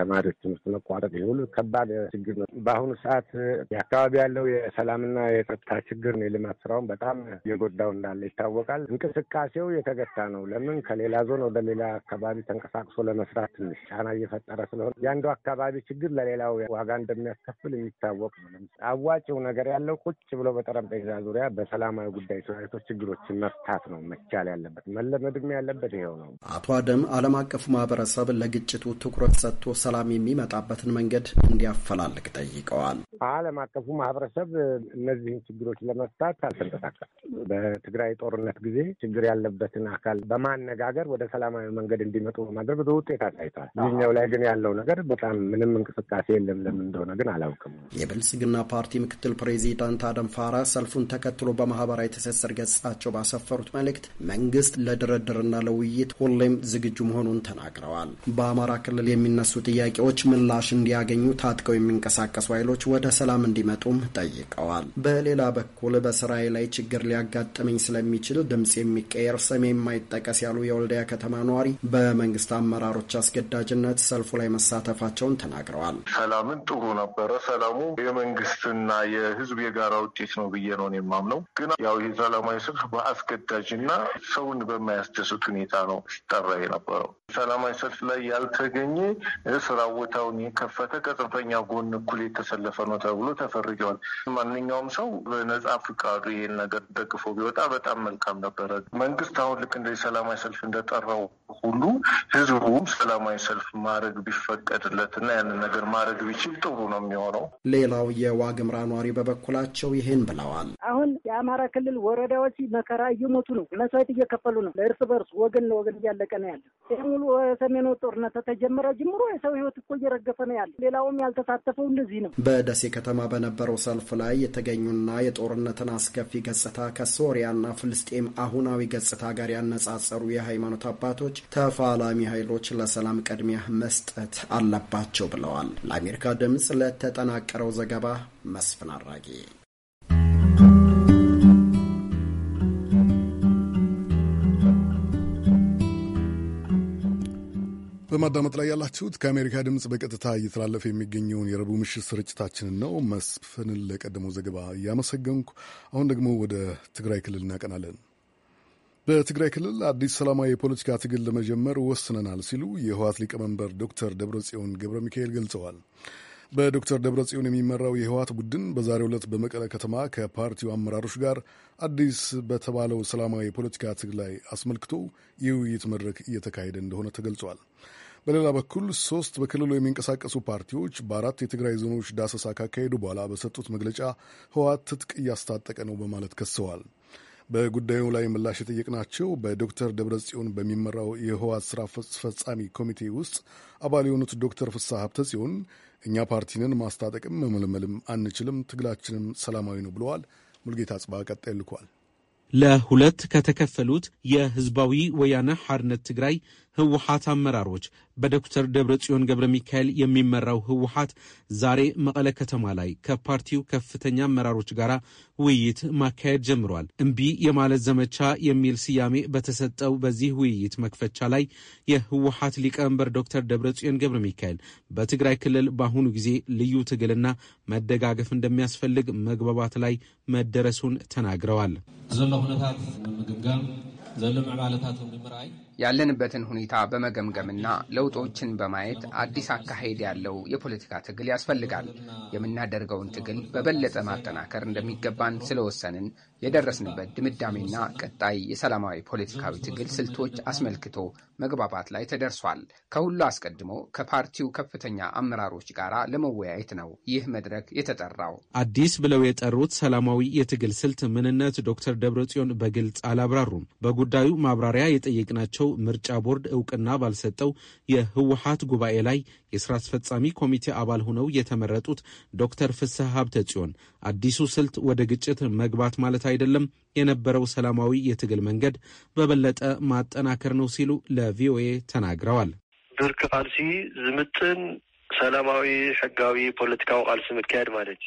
ተማሪዎች ትምህርት መቋረጥ፣ ይህ ሁሉ ከባድ ችግር ነው በአሁኑ ሰ ሰዓት የአካባቢ ያለው የሰላምና የጸጥታ ችግር ነው የልማት ስራውን በጣም የጎዳው እንዳለ ይታወቃል። እንቅስቃሴው የተገታ ነው። ለምን ከሌላ ዞን ወደ ሌላ አካባቢ ተንቀሳቅሶ ለመስራት ትንሽ ጫና እየፈጠረ ስለሆነ የአንዱ አካባቢ ችግር ለሌላው ዋጋ እንደሚያስከፍል የሚታወቅ ነው። አዋጭው ነገር ያለው ቁጭ ብሎ በጠረጴዛ ዙሪያ በሰላማዊ ጉዳይ ተወያይቶ ችግሮችን መፍታት ነው መቻል ያለበት መለመድም ያለበት ይኸው ነው። አቶ አደም ዓለም አቀፉ ማህበረሰብ ለግጭቱ ትኩረት ሰጥቶ ሰላም የሚመጣበትን መንገድ እንዲያፈላልግ ጠይቀዋል። ዓለም አቀፉ ማህበረሰብ እነዚህን ችግሮች ለመፍታት አልተንቀሳቀሰም። በትግራይ ጦርነት ጊዜ ችግር ያለበትን አካል በማነጋገር ወደ ሰላማዊ መንገድ እንዲመጡ በማድረግ ብዙ ውጤት አሳይቷል። ይህኛው ላይ ግን ያለው ነገር በጣም ምንም እንቅስቃሴ የለም። ለምን እንደሆነ ግን አላውቅም። የብልጽግና ፓርቲ ምክትል ፕሬዚዳንት አደም ፋራ ሰልፉን ተከትሎ በማህበራዊ ትስስር ገጻቸው ባሰፈሩት መልእክት መንግስት ለድርድርና ለውይይት ሁሌም ዝግጁ መሆኑን ተናግረዋል። በአማራ ክልል የሚነሱ ጥያቄዎች ምላሽ እንዲያገኙ ታጥቀው የሚንቀሳቀሱ ኃይሎች ወደ ሰላም እንዲመጡም ጠይቀዋል። በሌላ በኩል በስራዬ ላይ ችግር ሊያጋጥመኝ ስለሚችል ድምፅ የሚቀየር ሰሜን የማይጠቀስ ያሉ የወልዲያ ከተማ ነዋሪ በመንግስት አመራሮች አስገዳጅነት ሰልፉ ላይ መሳተፋቸውን ተናግረዋል። ሰላምን ጥሩ ነበረ። ሰላሙ የመንግስትና የህዝብ የጋራ ውጤት ነው ብዬ ነው የማምነው። ግን ያው የሰላማዊ ሰልፍ በአስገዳጅና ሰውን በማያስደስት ሁኔታ ነው ሲጠራ የነበረው። ሰላማዊ ሰልፍ ላይ ያልተገኘ ስራ ቦታውን የከፈተ ከጽንፈኛ ጎን እኩል የተሰለፈ ነው ተብሎ ተፈርጀዋል። ማንኛውም ሰው በነጻ ፍቃዱ ይሄን ነገር ደግፎ ቢወጣ በጣም መልካም ነበረ። መንግስት አሁን ልክ እንደ ሰላማዊ ሰልፍ እንደጠራው ሁሉ ህዝቡም ሰላማዊ ሰልፍ ማድረግ ቢፈቀድለት እና ያንን ነገር ማድረግ ቢችል ጥሩ ነው የሚሆነው። ሌላው የዋግምራ ኗሪ በበኩላቸው ይሄን ብለዋል። አሁን የአማራ ክልል ወረዳዎች መከራ እየሞቱ ነው፣ መስዋዕት እየከፈሉ ነው። ለእርስ በርስ ወገን ለወገን እያለቀ ነው ያለ። ይህ ሙሉ ሰሜኑ ጦርነት ተጀመረ ጀምሮ የሰው ህይወት እኮ እየረገፈ ነው ያለ። ሌላውም ያልተሳተፈው እንደዚህ ነው። በደሴ ከተማ በነበረው ሰልፍ ላይ የተገኙና የጦርነትን አስከፊ ገጽታ ከሶሪያና ፍልስጤም አሁናዊ ገጽታ ጋር ያነጻጸሩ የሃይማኖት አባቶች ተፋላሚ ኃይሎች ለሰላም ቅድሚያ መስጠት አለባቸው ብለዋል። ለአሜሪካ ድምፅ ለተጠናቀረው ዘገባ መስፍን አራጌ በማዳመጥ ላይ ያላችሁት ከአሜሪካ ድምፅ በቀጥታ እየተላለፈ የሚገኘውን የረቡዕ ምሽት ስርጭታችንን ነው። መስፍንን ለቀደመው ዘገባ እያመሰገንኩ አሁን ደግሞ ወደ ትግራይ ክልል እናቀናለን። በትግራይ ክልል አዲስ ሰላማዊ የፖለቲካ ትግል ለመጀመር ወስነናል ሲሉ የህወሓት ሊቀመንበር ዶክተር ደብረጽዮን ገብረ ሚካኤል ገልጸዋል። በዶክተር ደብረጽዮን የሚመራው የህወሓት ቡድን በዛሬው ዕለት በመቀለ ከተማ ከፓርቲው አመራሮች ጋር አዲስ በተባለው ሰላማዊ የፖለቲካ ትግል ላይ አስመልክቶ የውይይት መድረክ እየተካሄደ እንደሆነ ተገልጿል። በሌላ በኩል ሶስት በክልሉ የሚንቀሳቀሱ ፓርቲዎች በአራት የትግራይ ዞኖች ዳሰሳ ካካሄዱ በኋላ በሰጡት መግለጫ ህወሓት ትጥቅ እያስታጠቀ ነው በማለት ከሰዋል። በጉዳዩ ላይ ምላሽ የጠየቅናቸው በዶክተር ደብረጽዮን በሚመራው የህወሓት ስራ አስፈጻሚ ኮሚቴ ውስጥ አባል የሆኑት ዶክተር ፍሳ ሀብተ ጽዮን እኛ ፓርቲንን ማስታጠቅም መመልመልም አንችልም፣ ትግላችንም ሰላማዊ ነው ብለዋል። ሙልጌታ ጽባ ቀጣይ ልኳል። ለሁለት ከተከፈሉት የህዝባዊ ወያነ ሐርነት ትግራይ ህወሓት አመራሮች በዶክተር ደብረ ጽዮን ገብረ ሚካኤል የሚመራው ህወሓት ዛሬ መቀለ ከተማ ላይ ከፓርቲው ከፍተኛ አመራሮች ጋር ውይይት ማካሄድ ጀምሯል። እምቢ የማለት ዘመቻ የሚል ስያሜ በተሰጠው በዚህ ውይይት መክፈቻ ላይ የህወሓት ሊቀመንበር ዶክተር ደብረ ጽዮን ገብረ ሚካኤል በትግራይ ክልል በአሁኑ ጊዜ ልዩ ትግልና መደጋገፍ እንደሚያስፈልግ መግባባት ላይ መደረሱን ተናግረዋል። ዘሎ ሁነታት ምግምጋም ዘሎ ምዕባለታት ምርኣይ ያለንበትን ሁኔታ በመገምገምና ለውጦችን በማየት አዲስ አካሄድ ያለው የፖለቲካ ትግል ያስፈልጋል። የምናደርገውን ትግል በበለጠ ማጠናከር እንደሚገባን ስለወሰንን የደረስንበት ድምዳሜና ቀጣይ የሰላማዊ ፖለቲካዊ ትግል ስልቶች አስመልክቶ መግባባት ላይ ተደርሷል። ከሁሉ አስቀድሞ ከፓርቲው ከፍተኛ አመራሮች ጋር ለመወያየት ነው ይህ መድረክ የተጠራው። አዲስ ብለው የጠሩት ሰላማዊ የትግል ስልት ምንነት ዶክተር ደብረጽዮን በግልጽ አላብራሩም። በጉዳዩ ማብራሪያ የጠየቅናቸው ምርጫ ቦርድ እውቅና ባልሰጠው የህወሀት ጉባኤ ላይ የስራ አስፈጻሚ ኮሚቴ አባል ሆነው የተመረጡት ዶክተር ፍስህ ሀብተ ጽዮን አዲሱ ስልት ወደ ግጭት መግባት ማለት አይደለም፣ የነበረው ሰላማዊ የትግል መንገድ በበለጠ ማጠናከር ነው ሲሉ ለቪኦኤ ተናግረዋል። ብርክ ቃልሲ ዝምጥን ሰላማዊ ሕጋዊ ፖለቲካዊ ቃልሲ ምካሄድ ማለት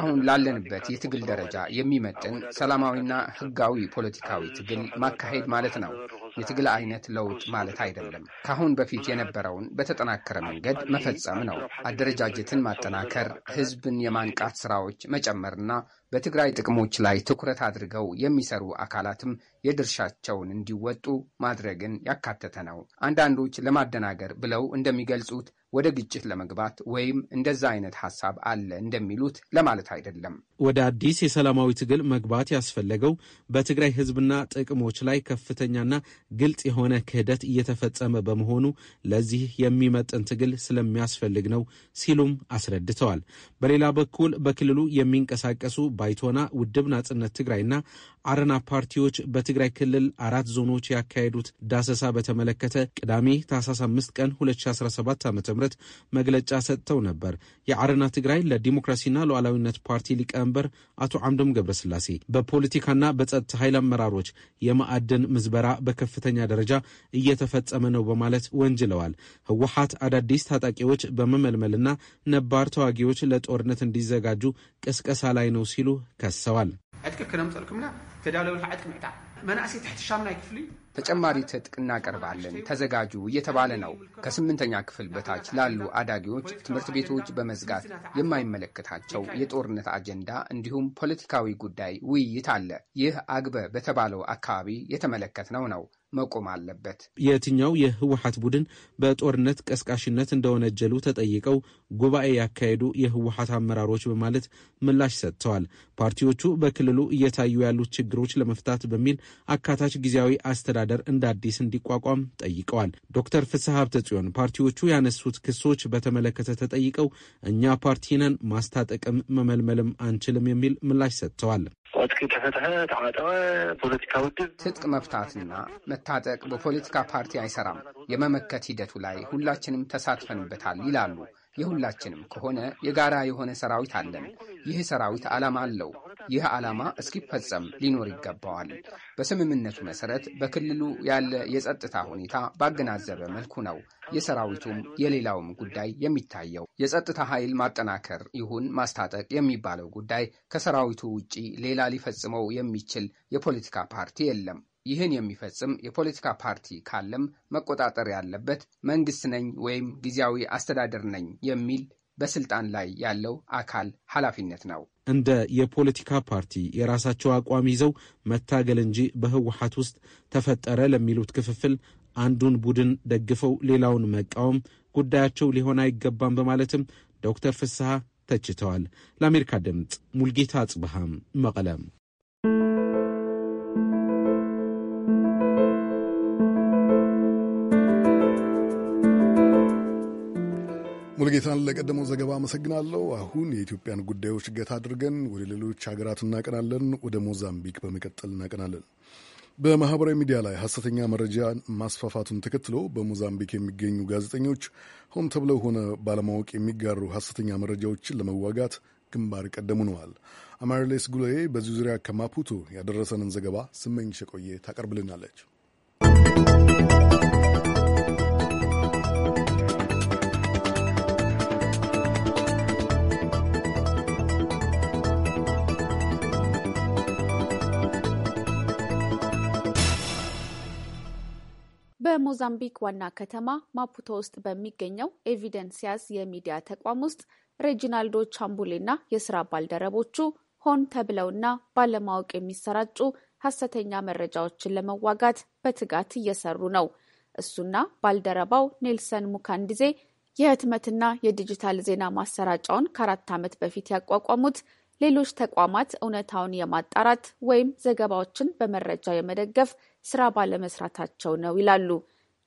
አሁን ላለንበት የትግል ደረጃ የሚመጥን ሰላማዊና ህጋዊ ፖለቲካዊ ትግል ማካሄድ ማለት ነው። የትግል አይነት ለውጥ ማለት አይደለም። ከአሁን በፊት የነበረውን በተጠናከረ መንገድ መፈጸም ነው። አደረጃጀትን ማጠናከር፣ ህዝብን የማንቃት ስራዎች መጨመርና በትግራይ ጥቅሞች ላይ ትኩረት አድርገው የሚሰሩ አካላትም የድርሻቸውን እንዲወጡ ማድረግን ያካተተ ነው። አንዳንዶች ለማደናገር ብለው እንደሚገልጹት ወደ ግጭት ለመግባት ወይም እንደዛ አይነት ሐሳብ አለ እንደሚሉት ለማለት አይደለም። ወደ አዲስ የሰላማዊ ትግል መግባት ያስፈለገው በትግራይ ህዝብና ጥቅሞች ላይ ከፍተኛና ግልጽ የሆነ ክህደት እየተፈጸመ በመሆኑ ለዚህ የሚመጥን ትግል ስለሚያስፈልግ ነው ሲሉም አስረድተዋል። በሌላ በኩል በክልሉ የሚንቀሳቀሱ ባይቶና ውድብ ናጽነት ትግራይና አረና ፓርቲዎች በትግራይ ክልል አራት ዞኖች ያካሄዱት ዳሰሳ በተመለከተ ቅዳሜ ታህሳስ 5 ቀን 2017 ዓ ም መግለጫ ሰጥተው ነበር። የአረና ትግራይ ለዲሞክራሲና ሉዓላዊነት ፓርቲ ሊቀመ ሊቀመንበር አቶ አምዶም ገብረስላሴ በፖለቲካና በጸጥታ ኃይል አመራሮች የማዕድን ምዝበራ በከፍተኛ ደረጃ እየተፈጸመ ነው በማለት ወንጅለዋል። ህወሓት አዳዲስ ታጣቂዎች በመመልመልና ነባር ተዋጊዎች ለጦርነት እንዲዘጋጁ ቅስቀሳ ላይ ነው ሲሉ ከሰዋል። ዕጥቂ ክነምፀልኩምና ተዳለወልካ ዕጥቂ ምዕጣ መናእሰይ ትሕቲ ክፍሊ ተጨማሪ ትጥቅ እናቀርባለን ተዘጋጁ እየተባለ ነው። ከስምንተኛ ክፍል በታች ላሉ አዳጊዎች ትምህርት ቤቶች በመዝጋት የማይመለከታቸው የጦርነት አጀንዳ እንዲሁም ፖለቲካዊ ጉዳይ ውይይት አለ። ይህ አግበ በተባለው አካባቢ የተመለከትነው ነው መቆም አለበት። የትኛው የህወሀት ቡድን በጦርነት ቀስቃሽነት እንደወነጀሉ ተጠይቀው ጉባኤ ያካሄዱ የህወሀት አመራሮች በማለት ምላሽ ሰጥተዋል። ፓርቲዎቹ በክልሉ እየታዩ ያሉት ችግሮች ለመፍታት በሚል አካታች ጊዜያዊ አስተዳደር እንደ አዲስ እንዲቋቋም ጠይቀዋል። ዶክተር ፍስሐ ሀብተ ጽዮን ፓርቲዎቹ ያነሱት ክሶች በተመለከተ ተጠይቀው እኛ ፓርቲነን ማስታጠቅም መመልመልም አንችልም የሚል ምላሽ ሰጥተዋል። ትጥቅ መፍታትና መታጠቅ በፖለቲካ ፓርቲ አይሰራም፣ የመመከት ሂደቱ ላይ ሁላችንም ተሳትፈንበታል ይላሉ የሁላችንም ከሆነ የጋራ የሆነ ሰራዊት አለን። ይህ ሰራዊት ዓላማ አለው። ይህ ዓላማ እስኪፈጸም ሊኖር ይገባዋል። በስምምነቱ መሰረት በክልሉ ያለ የጸጥታ ሁኔታ ባገናዘበ መልኩ ነው የሰራዊቱም የሌላውም ጉዳይ የሚታየው። የጸጥታ ኃይል ማጠናከር ይሁን ማስታጠቅ የሚባለው ጉዳይ ከሰራዊቱ ውጪ ሌላ ሊፈጽመው የሚችል የፖለቲካ ፓርቲ የለም። ይህን የሚፈጽም የፖለቲካ ፓርቲ ካለም መቆጣጠር ያለበት መንግስት ነኝ ወይም ጊዜያዊ አስተዳደር ነኝ የሚል በስልጣን ላይ ያለው አካል ኃላፊነት ነው። እንደ የፖለቲካ ፓርቲ የራሳቸው አቋም ይዘው መታገል እንጂ በህወሀት ውስጥ ተፈጠረ ለሚሉት ክፍፍል አንዱን ቡድን ደግፈው ሌላውን መቃወም ጉዳያቸው ሊሆን አይገባም በማለትም ዶክተር ፍስሐ ተችተዋል። ለአሜሪካ ድምፅ ሙልጌታ አጽብሃም መቀለም ሙልጌታን ለቀደመው ዘገባ አመሰግናለሁ። አሁን የኢትዮጵያን ጉዳዮች ገታ አድርገን ወደ ሌሎች ሀገራት እናቀናለን። ወደ ሞዛምቢክ በመቀጠል እናቀናለን። በማህበራዊ ሚዲያ ላይ ሀሰተኛ መረጃ ማስፋፋቱን ተከትሎ በሞዛምቢክ የሚገኙ ጋዜጠኞች ሆን ተብለው ሆነ ባለማወቅ የሚጋሩ ሀሰተኛ መረጃዎችን ለመዋጋት ግንባር ቀደሙ ነዋል። አማርሌስ ጉሎዬ በዚህ ዙሪያ ከማፑቶ ያደረሰንን ዘገባ ስመኝ ሸቆየ ታቀርብልናለች። በሞዛምቢክ ዋና ከተማ ማፑቶ ውስጥ በሚገኘው ኤቪደንሲያስ የሚዲያ ተቋም ውስጥ ሬጂናልዶ ቻምቡሌና የስራ ባልደረቦቹ ሆን ተብለውና ባለማወቅ የሚሰራጩ ሀሰተኛ መረጃዎችን ለመዋጋት በትጋት እየሰሩ ነው። እሱና ባልደረባው ኔልሰን ሙካንዲዜ የህትመትና የዲጂታል ዜና ማሰራጫውን ከአራት ዓመት በፊት ያቋቋሙት ሌሎች ተቋማት እውነታውን የማጣራት ወይም ዘገባዎችን በመረጃ የመደገፍ ስራ ባለመስራታቸው ነው ይላሉ።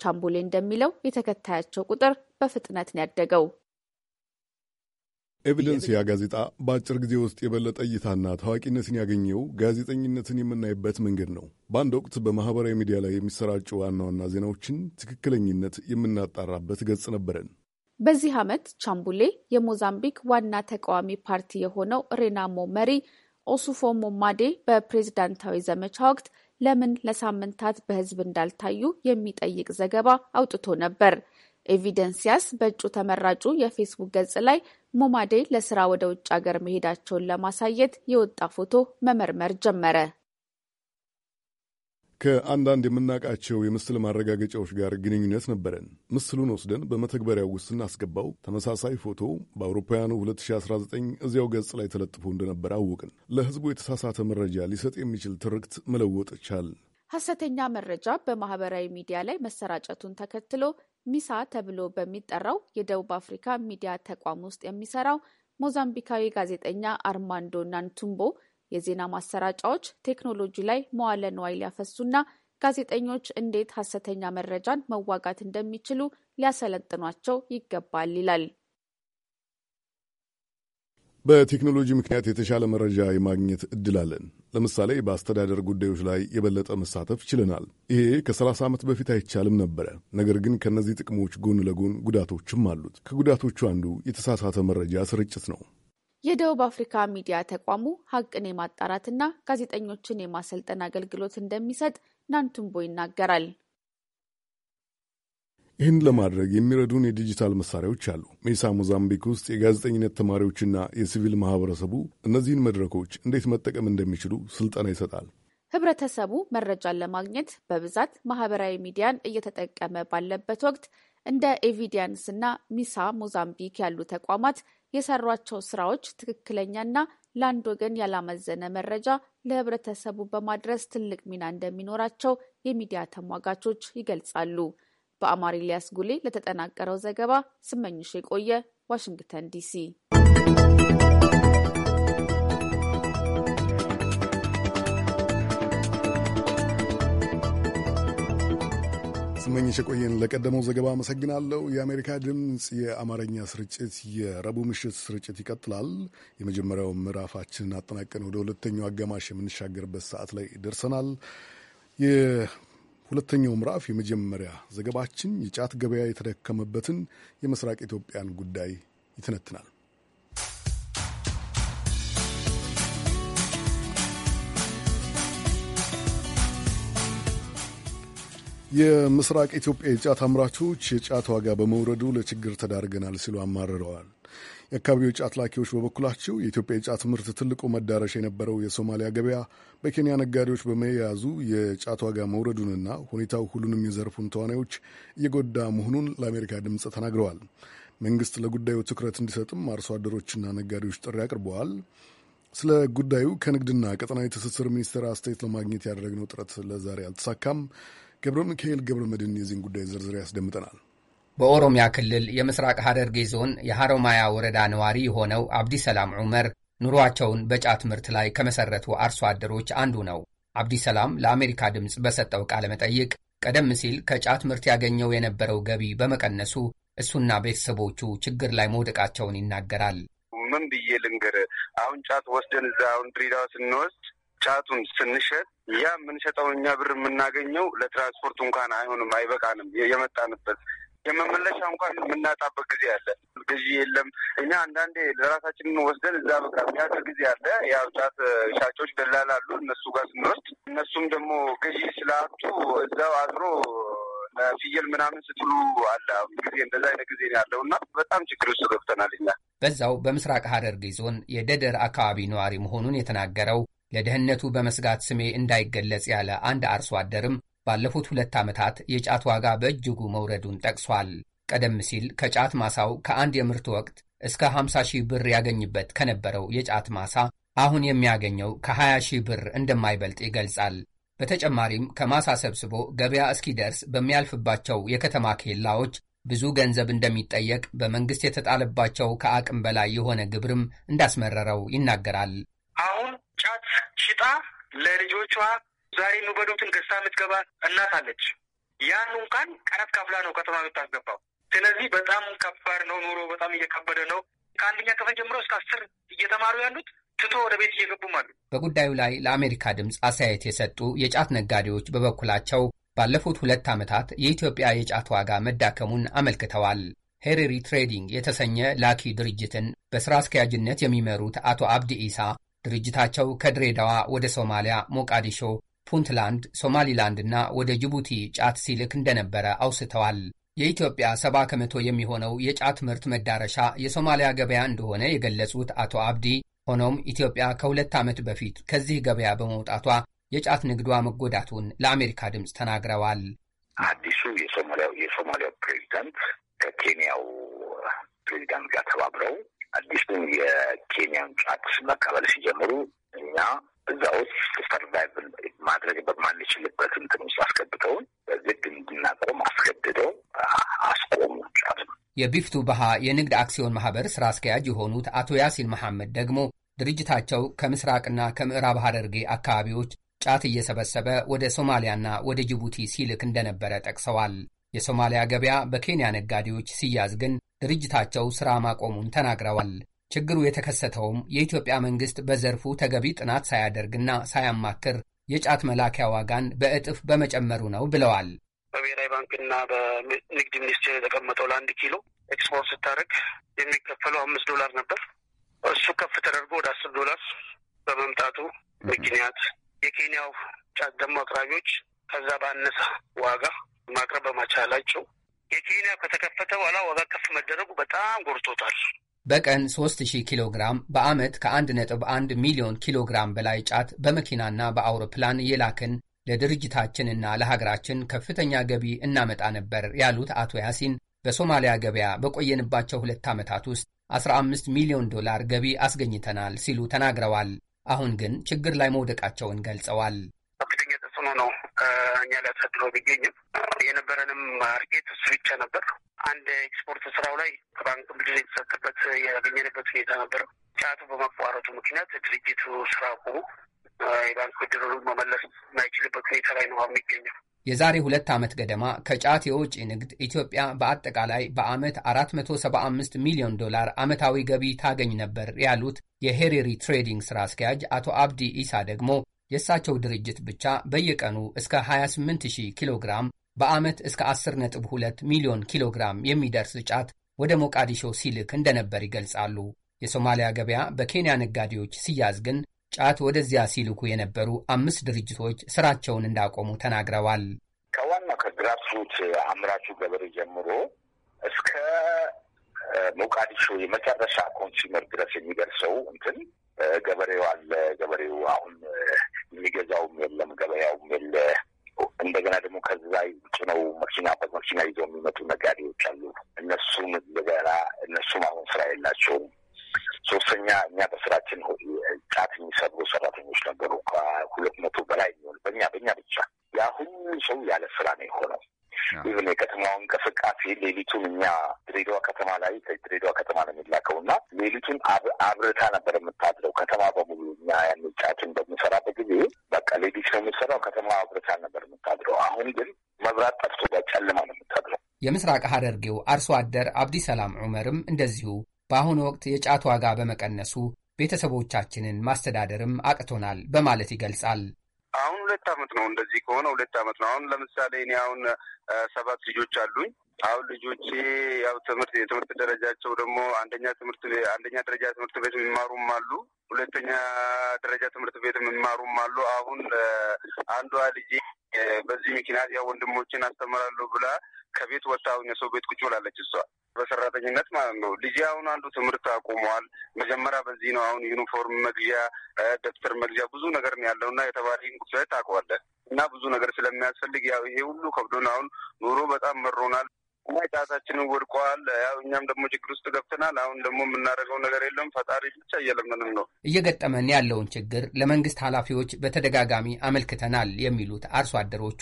ቻምቡሌ እንደሚለው የተከታያቸው ቁጥር በፍጥነት ነው ያደገው። ኤቪደንስ ያ ጋዜጣ በአጭር ጊዜ ውስጥ የበለጠ እይታና ታዋቂነትን ያገኘው ጋዜጠኝነትን የምናይበት መንገድ ነው። በአንድ ወቅት በማኅበራዊ ሚዲያ ላይ የሚሰራጩ ዋና ዋና ዜናዎችን ትክክለኝነት የምናጣራበት ገጽ ነበረን። በዚህ ዓመት ቻምቡሌ የሞዛምቢክ ዋና ተቃዋሚ ፓርቲ የሆነው ሬናሞ መሪ ኦሱፎ ሞማዴ በፕሬዝዳንታዊ ዘመቻ ወቅት ለምን ለሳምንታት በሕዝብ እንዳልታዩ የሚጠይቅ ዘገባ አውጥቶ ነበር። ኤቪደንሲያስ በእጩ ተመራጩ የፌስቡክ ገጽ ላይ ሞማዴ ለስራ ወደ ውጭ ሀገር መሄዳቸውን ለማሳየት የወጣ ፎቶ መመርመር ጀመረ። ከአንዳንድ የምናውቃቸው የምስል ማረጋገጫዎች ጋር ግንኙነት ነበረን። ምስሉን ወስደን በመተግበሪያው ውስጥ ስናስገባው ተመሳሳይ ፎቶ በአውሮፓውያኑ 2019 እዚያው ገጽ ላይ ተለጥፎ እንደነበረ አወቅን። ለሕዝቡ የተሳሳተ መረጃ ሊሰጥ የሚችል ትርክት መለወጥ ቻል። ሐሰተኛ መረጃ በማህበራዊ ሚዲያ ላይ መሰራጨቱን ተከትሎ ሚሳ ተብሎ በሚጠራው የደቡብ አፍሪካ ሚዲያ ተቋም ውስጥ የሚሰራው ሞዛምቢካዊ ጋዜጠኛ አርማንዶ ናንቱምቦ የዜና ማሰራጫዎች ቴክኖሎጂ ላይ መዋለ ንዋይ ሊያፈሱና ጋዜጠኞች እንዴት ሀሰተኛ መረጃን መዋጋት እንደሚችሉ ሊያሰለጥኗቸው ይገባል ይላል። በቴክኖሎጂ ምክንያት የተሻለ መረጃ የማግኘት እድል አለን። ለምሳሌ በአስተዳደር ጉዳዮች ላይ የበለጠ መሳተፍ ችለናል። ይሄ ከ30 ዓመት በፊት አይቻልም ነበረ። ነገር ግን ከእነዚህ ጥቅሞች ጎን ለጎን ጉዳቶችም አሉት። ከጉዳቶቹ አንዱ የተሳሳተ መረጃ ስርጭት ነው። የደቡብ አፍሪካ ሚዲያ ተቋሙ ሀቅን የማጣራትና ጋዜጠኞችን የማሰልጠን አገልግሎት እንደሚሰጥ ናንቱምቦ ይናገራል። ይህን ለማድረግ የሚረዱን የዲጂታል መሳሪያዎች አሉ። ሜሳ ሞዛምቢክ ውስጥ የጋዜጠኝነት ተማሪዎችና የሲቪል ማህበረሰቡ እነዚህን መድረኮች እንዴት መጠቀም እንደሚችሉ ስልጠና ይሰጣል። ህብረተሰቡ መረጃን ለማግኘት በብዛት ማህበራዊ ሚዲያን እየተጠቀመ ባለበት ወቅት እንደ ኤቪዲያንስ እና ሚሳ ሞዛምቢክ ያሉ ተቋማት የሰሯቸው ስራዎች ትክክለኛና ለአንድ ወገን ያላመዘነ መረጃ ለህብረተሰቡ በማድረስ ትልቅ ሚና እንደሚኖራቸው የሚዲያ ተሟጋቾች ይገልጻሉ። በአማሪ ሊያስ ጉሌ ለተጠናቀረው ዘገባ ስመኝሽ የቆየ ዋሽንግተን ዲሲ። ስመኝሽ የቆየን ለቀደመው ዘገባ አመሰግናለሁ። የአሜሪካ ድምፅ የአማርኛ ስርጭት የረቡዕ ምሽት ስርጭት ይቀጥላል። የመጀመሪያው ምዕራፋችንን አጠናቀን ወደ ሁለተኛው አጋማሽ የምንሻገርበት ሰዓት ላይ ደርሰናል። የሁለተኛው ምዕራፍ የመጀመሪያ ዘገባችን የጫት ገበያ የተደከመበትን የምስራቅ ኢትዮጵያን ጉዳይ ይተነትናል። የምስራቅ ኢትዮጵያ የጫት አምራቾች የጫት ዋጋ በመውረዱ ለችግር ተዳርገናል ሲሉ አማርረዋል። የአካባቢው ጫት ላኪዎች በበኩላቸው የኢትዮጵያ የጫት ምርት ትልቁ መዳረሻ የነበረው የሶማሊያ ገበያ በኬንያ ነጋዴዎች በመያዙ የጫት ዋጋ መውረዱንና ሁኔታው ሁሉንም የዘርፉን ተዋናዮች እየጎዳ መሆኑን ለአሜሪካ ድምፅ ተናግረዋል። መንግስት ለጉዳዩ ትኩረት እንዲሰጥም አርሶ አደሮችና ነጋዴዎች ጥሪ አቅርበዋል። ስለ ጉዳዩ ከንግድና ቀጠናዊ ትስስር ሚኒስቴር አስተያየት ለማግኘት ያደረግነው ጥረት ለዛሬ አልተሳካም። ገብረ ሚካኤል ገብረ መድን የዚህን ጉዳይ ዝርዝር ያስደምጠናል። በኦሮሚያ ክልል የምስራቅ ሐረርጌ ዞን የሐሮማያ ወረዳ ነዋሪ የሆነው አብዲ ሰላም ዑመር ኑሯቸውን በጫት ምርት ላይ ከመሰረቱ አርሶ አደሮች አንዱ ነው። አብዲ ሰላም ለአሜሪካ ድምፅ በሰጠው ቃለ መጠይቅ ቀደም ሲል ከጫት ምርት ያገኘው የነበረው ገቢ በመቀነሱ እሱና ቤተሰቦቹ ችግር ላይ መውደቃቸውን ይናገራል። ምን ብዬ ልንገር? አሁን ጫት ወስደን እዛ አሁን ድሬዳዋ ስንወስድ ጫቱን ስንሸጥ ያ የምንሸጠው እኛ ብር የምናገኘው ለትራንስፖርቱ እንኳን አይሆንም፣ አይበቃንም። የመጣንበት የመመለሻ እንኳን የምናጣበት ጊዜ አለ። ግዢ የለም። እኛ አንዳንዴ ለራሳችንን ወስደን እዛ በቃ የሚያድር ጊዜ አለ። ያው ጫት ሻጮች ደላላ አሉ። እነሱ ጋር ስንወስድ እነሱም ደግሞ ግዢ ስለአቱ እዛው አድሮ ፍየል ምናምን ስትሉ አለ። አሁን ጊዜ እንደዛ አይነት ጊዜ ያለው እና በጣም ችግር ውስጥ ገብተናል እኛ። በዛው በምስራቅ ሐረርጌ ዞን የደደር አካባቢ ነዋሪ መሆኑን የተናገረው ለደህንነቱ በመስጋት ስሜ እንዳይገለጽ ያለ አንድ አርሶ አደርም ባለፉት ሁለት ዓመታት የጫት ዋጋ በእጅጉ መውረዱን ጠቅሷል። ቀደም ሲል ከጫት ማሳው ከአንድ የምርት ወቅት እስከ 50 ሺህ ብር ያገኝበት ከነበረው የጫት ማሳ አሁን የሚያገኘው ከ20 ሺህ ብር እንደማይበልጥ ይገልጻል። በተጨማሪም ከማሳ ሰብስቦ ገበያ እስኪደርስ በሚያልፍባቸው የከተማ ኬላዎች ብዙ ገንዘብ እንደሚጠየቅ፣ በመንግሥት የተጣለባቸው ከአቅም በላይ የሆነ ግብርም እንዳስመረረው ይናገራል። አሁን ጫት ሽጣ ለልጆቿ ዛሬ የሚበሉትን ገዝታ የምትገባ እናት አለች። ያን እንኳን ቀረት ከፍላ ነው ከተማ የምታስገባው። ስለዚህ በጣም ከባድ ነው ኑሮ፣ በጣም እየከበደ ነው። ከአንደኛ ክፍል ጀምሮ እስከ አስር እየተማሩ ያሉት ትቶ ወደ ቤት እየገቡም አሉ። በጉዳዩ ላይ ለአሜሪካ ድምፅ አስተያየት የሰጡ የጫት ነጋዴዎች በበኩላቸው ባለፉት ሁለት ዓመታት የኢትዮጵያ የጫት ዋጋ መዳከሙን አመልክተዋል። ሄሬሪ ትሬዲንግ የተሰኘ ላኪ ድርጅትን በሥራ አስኪያጅነት የሚመሩት አቶ አብዲ ኢሳ ድርጅታቸው ከድሬዳዋ ወደ ሶማሊያ ሞቃዲሾ፣ ፑንትላንድ፣ ሶማሊላንድ እና ወደ ጅቡቲ ጫት ሲልክ እንደነበረ አውስተዋል። የኢትዮጵያ ሰባ ከመቶ የሚሆነው የጫት ምርት መዳረሻ የሶማሊያ ገበያ እንደሆነ የገለጹት አቶ አብዲ፣ ሆኖም ኢትዮጵያ ከሁለት ዓመት በፊት ከዚህ ገበያ በመውጣቷ የጫት ንግዷ መጎዳቱን ለአሜሪካ ድምፅ ተናግረዋል። አዲሱ የሶማሊያው ፕሬዚዳንት ከኬንያው ፕሬዚዳንት ጋር ተባብረው አዲሱን የኬንያን ጫት መቀበል ሲጀምሩ እኛ እዛ ውስጥ ሰርቫይቭ ማድረግ በማንችልበት እንትን ውስጥ አስገብተውን በግድ እንድናቆም አስገድደው አስቆሙ ጫት። የቢፍቱ ባሃ የንግድ አክሲዮን ማህበር ስራ አስኪያጅ የሆኑት አቶ ያሲን መሐመድ ደግሞ ድርጅታቸው ከምስራቅና ከምዕራብ ሐረርጌ አካባቢዎች ጫት እየሰበሰበ ወደ ሶማሊያና ወደ ጅቡቲ ሲልክ እንደነበረ ጠቅሰዋል። የሶማሊያ ገበያ በኬንያ ነጋዴዎች ሲያዝ ግን ድርጅታቸው ሥራ ማቆሙን ተናግረዋል። ችግሩ የተከሰተውም የኢትዮጵያ መንግሥት በዘርፉ ተገቢ ጥናት ሳያደርግና ሳያማክር የጫት መላኪያ ዋጋን በእጥፍ በመጨመሩ ነው ብለዋል። በብሔራዊ ባንክና በንግድ ሚኒስቴር የተቀመጠው ለአንድ ኪሎ ኤክስፖርት ስታደርግ የሚከፈለው አምስት ዶላር ነበር። እሱ ከፍ ተደርጎ ወደ አስር ዶላር በመምጣቱ ምክንያት የኬንያው ጫት ደግሞ አቅራቢዎች ከዛ ባነሳ ዋጋ ማቅረብ በማቻላቸው የኬንያ ከተከፈተ በኋላ ዋጋ ከፍ መደረጉ በጣም ጎርቶታል። በቀን 3000 ኪሎ ግራም በዓመት ከ1.1 ሚሊዮን ኪሎ ግራም በላይ ጫት በመኪናና በአውሮፕላን የላክን ለድርጅታችንና ለሀገራችን ከፍተኛ ገቢ እናመጣ ነበር ያሉት አቶ ያሲን በሶማሊያ ገበያ በቆየንባቸው ሁለት ዓመታት ውስጥ 15 ሚሊዮን ዶላር ገቢ አስገኝተናል ሲሉ ተናግረዋል። አሁን ግን ችግር ላይ መውደቃቸውን ገልጸዋል። ላይ ሊያሳድረው ቢገኝም የነበረንም ማርኬት እሱ ብቻ ነበር። አንድ ኤክስፖርት ስራው ላይ ከባንክ ብድር የተሰጠበት ያገኘንበት ሁኔታ ነበር። ጫቱ በመቋረጡ ምክንያት ድርጅቱ ስራ ቁሙ የባንክ ብድሩን መመለስ የማይችልበት ሁኔታ ላይ ነው የሚገኘው። የዛሬ ሁለት ዓመት ገደማ ከጫት የውጭ ንግድ ኢትዮጵያ በአጠቃላይ በዓመት 475 ሚሊዮን ዶላር ዓመታዊ ገቢ ታገኝ ነበር ያሉት የሄሪሪ ትሬዲንግ ሥራ አስኪያጅ አቶ አብዲ ኢሳ ደግሞ የእሳቸው ድርጅት ብቻ በየቀኑ እስከ 28000 ኪሎ ግራም በዓመት እስከ 10.2 ሚሊዮን ኪሎ ግራም የሚደርስ ጫት ወደ ሞቃዲሾ ሲልክ እንደነበር ይገልጻሉ። የሶማሊያ ገበያ በኬንያ ነጋዴዎች ሲያዝ ግን ጫት ወደዚያ ሲልኩ የነበሩ አምስት ድርጅቶች ስራቸውን እንዳቆሙ ተናግረዋል። ከዋናው ከግራስሩት አምራቹ ገበሬ ጀምሮ እስከ ሞቃዲሾ የመጨረሻ ኮንሱመር ድረስ የሚደርሰው እንትን ገበሬው አለ። ገበሬው አሁን የሚገዛውም የለም፣ ገበያውም የለ። እንደገና ደግሞ ከዛ ውጭ ነው መኪና በመኪና ይዘው የሚመጡ ነጋዴዎች አሉ። እነሱም እንደገና እነሱም አሁን ስራ የላቸውም። ሶስተኛ እኛ በስራችን ጫት የሚሰሩ ሰራተኞች ነበሩ ከሁለት መቶ በላይ የሚሆን በእኛ በእኛ ብቻ ያ ሁሉ ሰው ያለ ስራ ነው የሆነው። ኢቭን የከተማው እንቅስቃሴ ሌሊቱን እኛ ድሬዳዋ ከተማ ላይ ድሬዳዋ ከተማ ነው የሚላከው እና ሌሊቱን አብርታ ነበር የምታድረው ከተማ በሙሉ። እኛ ያን ጫትን በምንሰራበት ጊዜ በቃ ሌሊት ነው የምንሰራው። ከተማ አብርታ ነበር የምታድረው። አሁን ግን መብራት ጠፍቶ ጨለማ ነው የምታድረው። የምስራቅ ሐረርጌው አርሶ አደር አብዲ ሰላም ዑመርም እንደዚሁ በአሁኑ ወቅት የጫት ዋጋ በመቀነሱ ቤተሰቦቻችንን ማስተዳደርም አቅቶናል በማለት ይገልጻል። ሁለት አመት ነው። እንደዚህ ከሆነ ሁለት አመት ነው። አሁን ለምሳሌ እኔ አሁን ሰባት ልጆች አሉኝ። አሁን ልጆቼ ያው ትምህርት የትምህርት ደረጃቸው ደግሞ አንደኛ ትምህርት አንደኛ ደረጃ ትምህርት ቤት የሚማሩም አሉ፣ ሁለተኛ ደረጃ ትምህርት ቤት የሚማሩም አሉ። አሁን አንዷ ልጄ በዚህ ምክንያት ያ ወንድሞችን አስተምራለሁ ብላ ከቤት ወጣ አሁን የሰው ቤት ቁጭ ብላለች። እሷ በሰራተኝነት ማለት ነው። ልጅ አሁን አንዱ ትምህርት አቁመዋል። መጀመሪያ በዚህ ነው። አሁን ዩኒፎርም መግዣ፣ ደብተር መግዣ ብዙ ነገር ነው ያለው እና የተባሪን ጉዳይ ታውቀዋለህ እና ብዙ ነገር ስለሚያስፈልግ ያው ይሄ ሁሉ ከብዶን አሁን ኑሮ በጣም መሮናል። ጫታችንን ወድቀዋል። ያው እኛም ደግሞ ችግር ውስጥ ገብተናል። አሁን ደግሞ የምናደርገው ነገር የለም። ፈጣሪ ብቻ እየለመንም ነው። እየገጠመን ያለውን ችግር ለመንግስት ኃላፊዎች በተደጋጋሚ አመልክተናል የሚሉት አርሶ አደሮቹ፣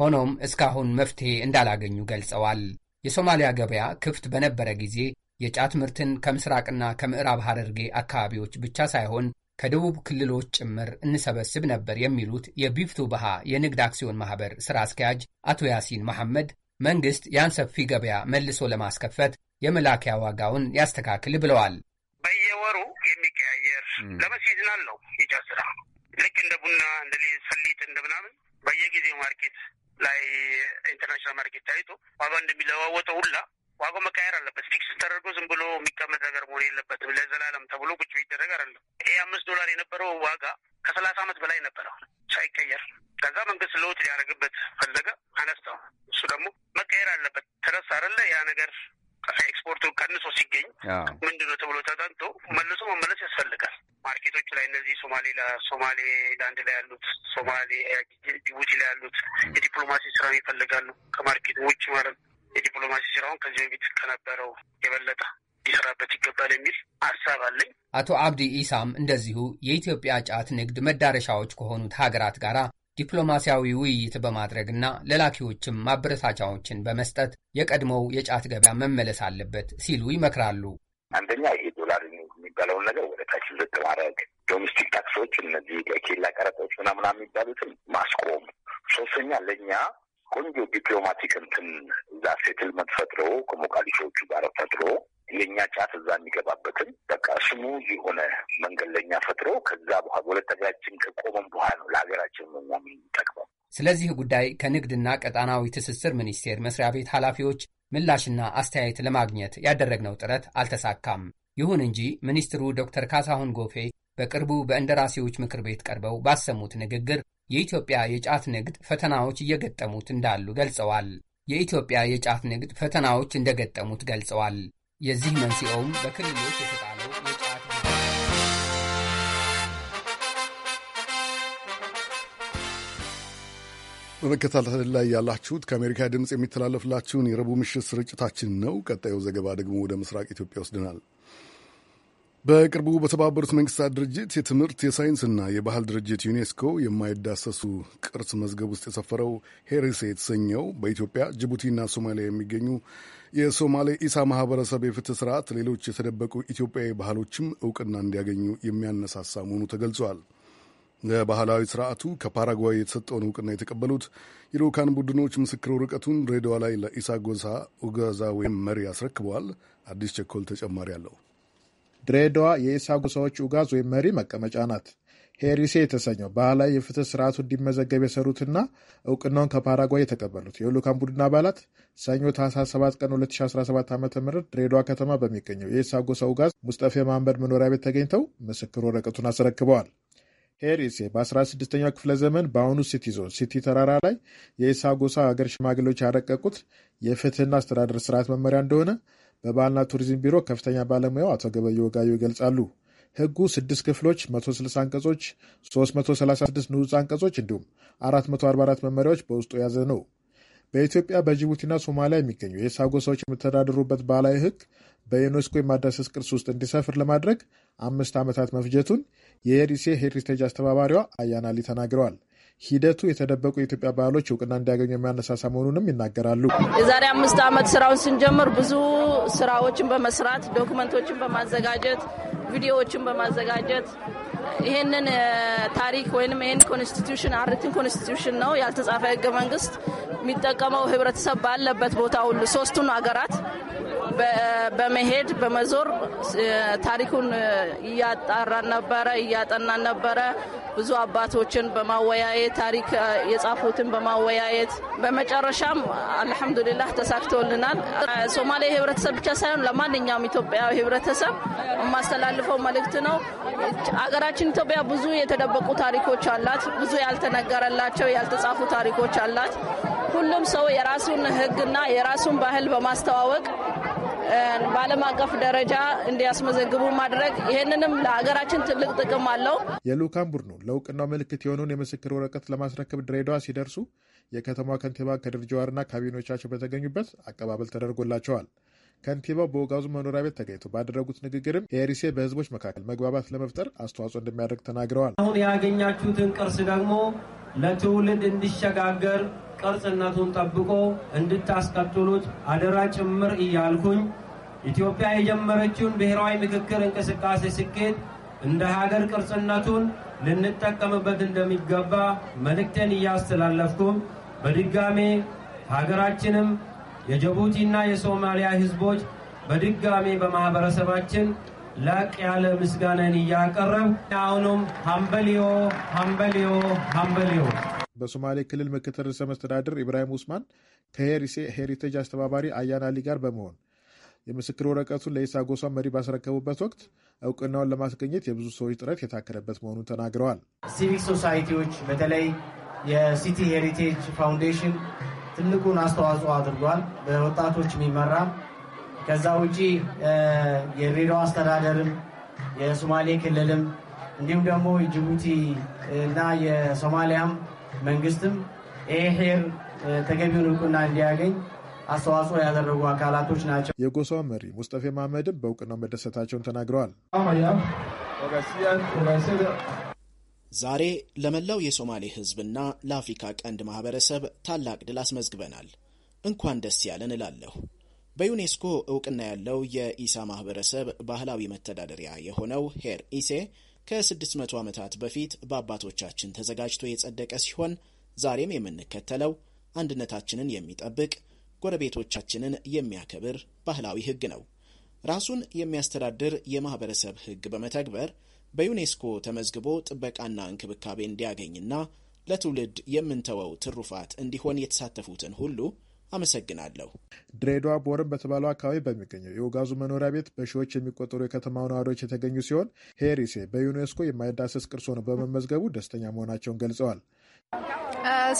ሆኖም እስካሁን መፍትሄ እንዳላገኙ ገልጸዋል። የሶማሊያ ገበያ ክፍት በነበረ ጊዜ የጫት ምርትን ከምስራቅና ከምዕራብ ሐረርጌ አካባቢዎች ብቻ ሳይሆን ከደቡብ ክልሎች ጭምር እንሰበስብ ነበር የሚሉት የቢፍቱ ባሃ የንግድ አክሲዮን ማህበር ስራ አስኪያጅ አቶ ያሲን መሐመድ መንግሥት ያን ሰፊ ገበያ መልሶ ለማስከፈት የመላኪያ ዋጋውን ያስተካክል ብለዋል። በየወሩ የሚቀያየር ለመሲዝናል ነው የጫት ስራ ልክ እንደ ቡና፣ እንደ ሰሊጥ፣ እንደ ምናምን በየጊዜው ማርኬት ላይ ኢንተርናሽናል ማርኬት ታይቶ ዋጋ እንደሚለዋወጠው ሁላ ዋጋው መቀየር አለበት። ፊክስ ተደርጎ ዝም ብሎ የሚቀመጥ ነገር መሆን የለበትም። ለዘላለም ተብሎ ቁጭ ይደረግ አይደለም። ይሄ አምስት ዶላር የነበረው ዋጋ ከሰላሳ ዓመት በላይ ነበረ ሳይቀየር ከዛ መንግስት ለውጥ ሊያደርግበት ፈለገ፣ አነስተው እሱ ደግሞ መቀየር አለበት ተረሳ አለ ያ ነገር ኤክስፖርቱ ቀንሶ ሲገኝ ምንድነው ተብሎ ተጠንቶ መልሶ መመለስ ያስፈልጋል። ማርኬቶቹ ላይ እነዚህ ሶማሌ ሶማሌ ላንድ ላይ ያሉት ሶማሌ ጅቡቲ ላይ ያሉት የዲፕሎማሲ ስራ ይፈልጋሉ። ከማርኬት ውጭ ማለት የዲፕሎማሲ ስራውን ከዚህ በፊት ከነበረው የበለጠ ሊሰራበት ይገባል የሚል ሀሳብ አለኝ። አቶ አብዲ ኢሳም እንደዚሁ የኢትዮጵያ ጫት ንግድ መዳረሻዎች ከሆኑት ሀገራት ጋር ዲፕሎማሲያዊ ውይይት በማድረግና ለላኪዎችም ማበረታቻዎችን በመስጠት የቀድሞው የጫት ገበያ መመለስ አለበት ሲሉ ይመክራሉ። አንደኛ ይሄ ዶላር የሚባለውን ነገር ወደ ታች ዝቅ ማድረግ፣ ዶሜስቲክ ታክሶች፣ እነዚህ የኬላ ቀረጦች ምናምና የሚባሉትን ማስቆም። ሶስተኛ ለእኛ ቆንጆ ዲፕሎማቲክ እንትን እዛ ሴትልመንት ፈጥሮ ከሞቃዲሾዎቹ ጋር ፈጥሮ የእኛ ጫት እዛ የሚገባበትን በቃ ስሙ የሆነ መንገድ ለእኛ ፈጥሮ ከዛ በኋላ ወደ ከቆመን በኋላ ነው ለሀገራችን ነው የሚጠቅመው። ስለዚህ ጉዳይ ከንግድና ቀጣናዊ ትስስር ሚኒስቴር መስሪያ ቤት ኃላፊዎች ምላሽና አስተያየት ለማግኘት ያደረግነው ጥረት አልተሳካም። ይሁን እንጂ ሚኒስትሩ ዶክተር ካሳሁን ጎፌ በቅርቡ በእንደራሴዎች ምክር ቤት ቀርበው ባሰሙት ንግግር የኢትዮጵያ የጫት ንግድ ፈተናዎች እየገጠሙት እንዳሉ ገልጸዋል። የኢትዮጵያ የጫት ንግድ ፈተናዎች እንደገጠሙት ገልጸዋል። የዚህ መንስኤውም በክልሎች የተጣለው የጫት በመከታተል ላይ ያላችሁት ከአሜሪካ ድምፅ የሚተላለፍላችሁን የረቡዕ ምሽት ስርጭታችን ነው። ቀጣዩ ዘገባ ደግሞ ወደ ምስራቅ ኢትዮጵያ ወስደናል። በቅርቡ በተባበሩት መንግስታት ድርጅት የትምህርት የሳይንስና የባህል ድርጅት ዩኔስኮ የማይዳሰሱ ቅርስ መዝገብ ውስጥ የሰፈረው ሄሬሴ የተሰኘው በኢትዮጵያ ጅቡቲና ሶማሊያ የሚገኙ የሶማሌ ኢሳ ማህበረሰብ የፍትህ ስርዓት ሌሎች የተደበቁ ኢትዮጵያዊ ባህሎችም እውቅና እንዲያገኙ የሚያነሳሳ መሆኑ ተገልጿል። ለባህላዊ ስርዓቱ ከፓራጓይ የተሰጠውን እውቅና የተቀበሉት የልኡካን ቡድኖች ምስክር ወረቀቱን ድሬዳዋ ላይ ለኢሳ ጎሳ ኡጋዛ ወይም መሪ አስረክበዋል። አዲስ ቸኮል ተጨማሪ አለው። ድሬዳዋ የኢሳ ጎሳዎች ኡጋዝ ወይም መሪ መቀመጫ ናት። ሄሪሴ የተሰኘው ባህላዊ የፍትህ ስርዓቱ እንዲመዘገብ የሰሩትና እውቅናውን ከፓራጓይ የተቀበሉት የልዑካን ቡድን አባላት ሰኞ ታህሳስ 7 ቀን 2017 ዓ ም ድሬዳዋ ከተማ በሚገኘው የኢሳ ጎሳ ኡጋዝ ሙስጠፌ ማንበድ መኖሪያ ቤት ተገኝተው ምስክር ወረቀቱን አስረክበዋል። ሄሪሴ በ16ኛው ክፍለ ዘመን በአሁኑ ሲቲ ዞን ሲቲ ተራራ ላይ የኢሳ ጎሳ አገር ሽማግሌዎች ያረቀቁት የፍትህና አስተዳደር ስርዓት መመሪያ እንደሆነ በባህልና ቱሪዝም ቢሮ ከፍተኛ ባለሙያው አቶ ገበየው ጋዩ ይገልጻሉ። ህጉ ስድስት ክፍሎች፣ 160 አንቀጾች፣ 336 ንዑስ አንቀጾች እንዲሁም 444 መመሪያዎች በውስጡ የያዘ ነው። በኢትዮጵያ በጅቡቲና ሶማሊያ የሚገኙ የሳጎ ሰዎች የሚተዳደሩበት ባህላዊ ህግ በዩኔስኮ የማዳሰስ ቅርስ ውስጥ እንዲሰፍር ለማድረግ አምስት ዓመታት መፍጀቱን የኤሪሴ ሄሪቴጅ አስተባባሪዋ አያናሊ ተናግረዋል። ሂደቱ የተደበቁ የኢትዮጵያ ባህሎች እውቅና እንዲያገኙ የሚያነሳሳ መሆኑንም ይናገራሉ። የዛሬ አምስት ዓመት ስራውን ስንጀምር ብዙ ስራዎችን በመስራት ዶክመንቶችን በማዘጋጀት ቪዲዮዎችን በማዘጋጀት ይህንን ታሪክ ወይም ይህን ኮንስቲቱሽን አሪትን ኮንስቲቱሽን ነው ያልተጻፈ ህገ መንግስት የሚጠቀመው ህብረተሰብ ባለበት ቦታ ሁሉ ሶስቱን ሀገራት በመሄድ በመዞር ታሪኩን እያጣራን ነበረ፣ እያጠናን ነበረ። ብዙ አባቶችን በማወያየት ታሪክ የጻፉትን በማወያየት በመጨረሻም አልሐምዱሊላህ ተሳክቶልናል። ሶማሌ ህብረተሰብ ብቻ ሳይሆን ለማንኛውም ኢትዮጵያዊ ህብረተሰብ የማስተላልፈው መልእክት ነው። አገራችን ሀገራችን ኢትዮጵያ ብዙ የተደበቁ ታሪኮች አላት። ብዙ ያልተነገረላቸው ያልተጻፉ ታሪኮች አላት። ሁሉም ሰው የራሱን ሕግና የራሱን ባህል በማስተዋወቅ በዓለም አቀፍ ደረጃ እንዲያስመዘግቡ ማድረግ ይህንንም ለሀገራችን ትልቅ ጥቅም አለው። የልዑካን ቡድኑ ለእውቅናው ምልክት የሆነውን የምስክር ወረቀት ለማስረከብ ድሬዳዋ ሲደርሱ የከተማ ከንቲባ ከድር ጀዋርና በተገኙበት አቀባበል ተደርጎላቸዋል። ከንቲባው በወጋዙ መኖሪያ ቤት ተገኝቶ ባደረጉት ንግግርም ኤሪሴ በህዝቦች መካከል መግባባት ለመፍጠር አስተዋጽኦ እንደሚያደርግ ተናግረዋል። አሁን ያገኛችሁትን ቅርስ ደግሞ ለትውልድ እንዲሸጋገር ቅርጽነቱን ጠብቆ እንድታስቀጥሉት አደራ ጭምር እያልኩኝ ኢትዮጵያ የጀመረችውን ብሔራዊ ምክክር እንቅስቃሴ ስኬት እንደ ሀገር ቅርጽነቱን ልንጠቀምበት እንደሚገባ መልእክቴን እያስተላለፍኩም በድጋሜ ሀገራችንም የጅቡቲና የሶማሊያ ህዝቦች በድጋሚ በማህበረሰባችን ላቅ ያለ ምስጋናን እያቀረብ አሁኑም ሀምበሊዮ ሀምበሊዮ ሀምበሊዮ። በሶማሌ ክልል ምክትል ርዕሰ መስተዳድር ኢብራሂም ኡስማን ከሄሪሴ ሄሪቴጅ አስተባባሪ አያና አሊ ጋር በመሆን የምስክር ወረቀቱን ለኢሳ ጎሷ መሪ ባስረከቡበት ወቅት እውቅናውን ለማስገኘት የብዙ ሰዎች ጥረት የታከለበት መሆኑን ተናግረዋል። ሲቪክ ሶሳይቲዎች በተለይ የሲቲ ሄሪቴጅ ፋውንዴሽን ትልቁን አስተዋጽኦ አድርጓል። በወጣቶች የሚመራ ከዛ ውጪ የድሬዳዋ አስተዳደርም የሶማሌ ክልልም እንዲሁም ደግሞ የጅቡቲ እና የሶማሊያም መንግስትም ይሄ ሄር ተገቢውን እውቅና እንዲያገኝ አስተዋጽኦ ያደረጉ አካላቶች ናቸው። የጎሳው መሪ ሙስጠፌ መሐመድም በእውቅናው መደሰታቸውን ተናግረዋል። ዛሬ ለመላው የሶማሌ ሕዝብና ለአፍሪካ ቀንድ ማህበረሰብ ታላቅ ድል አስመዝግበናል። እንኳን ደስ ያለን እላለሁ። በዩኔስኮ እውቅና ያለው የኢሳ ማህበረሰብ ባህላዊ መተዳደሪያ የሆነው ሄር ኢሴ ከ600 ዓመታት በፊት በአባቶቻችን ተዘጋጅቶ የጸደቀ ሲሆን ዛሬም የምንከተለው አንድነታችንን የሚጠብቅ ጎረቤቶቻችንን የሚያከብር ባህላዊ ህግ ነው። ራሱን የሚያስተዳድር የማህበረሰብ ህግ በመተግበር በዩኔስኮ ተመዝግቦ ጥበቃና እንክብካቤ እንዲያገኝና ለትውልድ የምንተወው ትሩፋት እንዲሆን የተሳተፉትን ሁሉ አመሰግናለሁ። ድሬዳዋ ቦርም በተባለው አካባቢ በሚገኘው የኡጋዙ መኖሪያ ቤት በሺዎች የሚቆጠሩ የከተማ ነዋሪዎች የተገኙ ሲሆን ሄሪሴ በዩኔስኮ የማይዳሰስ ቅርስ ሆኖ በመመዝገቡ ደስተኛ መሆናቸውን ገልጸዋል።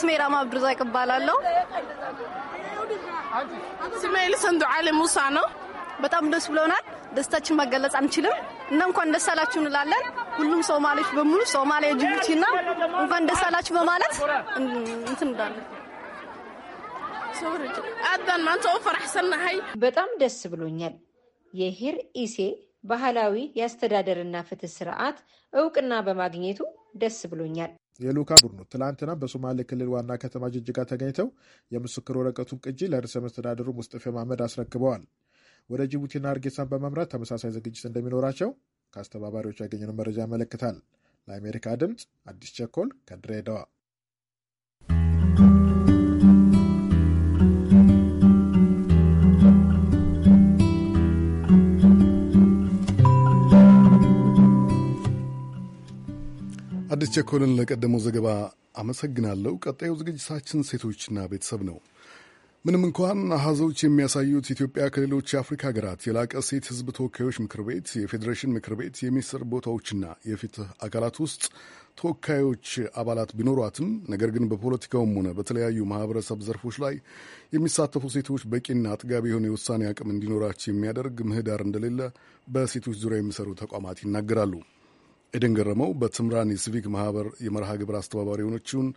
ስሜ ራማ አብዱርዛቅ እባላለሁ። ስሜ ልሰንዱ ዓሊ ሙሳ ነው። በጣም ደስ ብሎናል። ደስታችን መገለጽ አንችልም እና እንኳን ደስ አላችሁ እንላለን። ሁሉም ሶማሌዎች በሙሉ ሶማሌ፣ ጅቡቲ እና እንኳን ደስ አላችሁ በማለት እንትን እንዳለን በጣም ደስ ብሎኛል። የሂር ኢሴ ባህላዊ የአስተዳደርና ፍትህ ስርዓት እውቅና በማግኘቱ ደስ ብሎኛል። የልዑካ ቡድኑ ትላንትና በሶማሌ ክልል ዋና ከተማ ጅጅጋ ተገኝተው የምስክር ወረቀቱን ቅጂ ለርዕሰ መስተዳደሩ ሙስጠፌ መሐመድ አስረክበዋል። ወደ ጅቡቲና አርጌሳን በመምራት ተመሳሳይ ዝግጅት እንደሚኖራቸው ከአስተባባሪዎች ያገኘነው መረጃ ያመለክታል። ለአሜሪካ ድምፅ አዲስ ቸኮል ከድሬዳዋ። አዲስ ቸኮልን ለቀደመው ዘገባ አመሰግናለሁ። ቀጣዩ ዝግጅታችን ሴቶችና ቤተሰብ ነው። ምንም እንኳን አሃዞች የሚያሳዩት ኢትዮጵያ ከሌሎች የአፍሪካ ሀገራት የላቀ ሴት ህዝብ ተወካዮች ምክር ቤት፣ የፌዴሬሽን ምክር ቤት፣ የሚኒስትር ቦታዎችና የፍትህ አካላት ውስጥ ተወካዮች አባላት ቢኖሯትም ነገር ግን በፖለቲካውም ሆነ በተለያዩ ማህበረሰብ ዘርፎች ላይ የሚሳተፉ ሴቶች በቂና አጥጋቢ የሆነ የውሳኔ አቅም እንዲኖራቸው የሚያደርግ ምህዳር እንደሌለ በሴቶች ዙሪያ የሚሰሩ ተቋማት ይናገራሉ። ኤደን ገረመው በትምራን የሲቪክ ማህበር የመርሃ ግብር አስተባባሪ የሆነችውን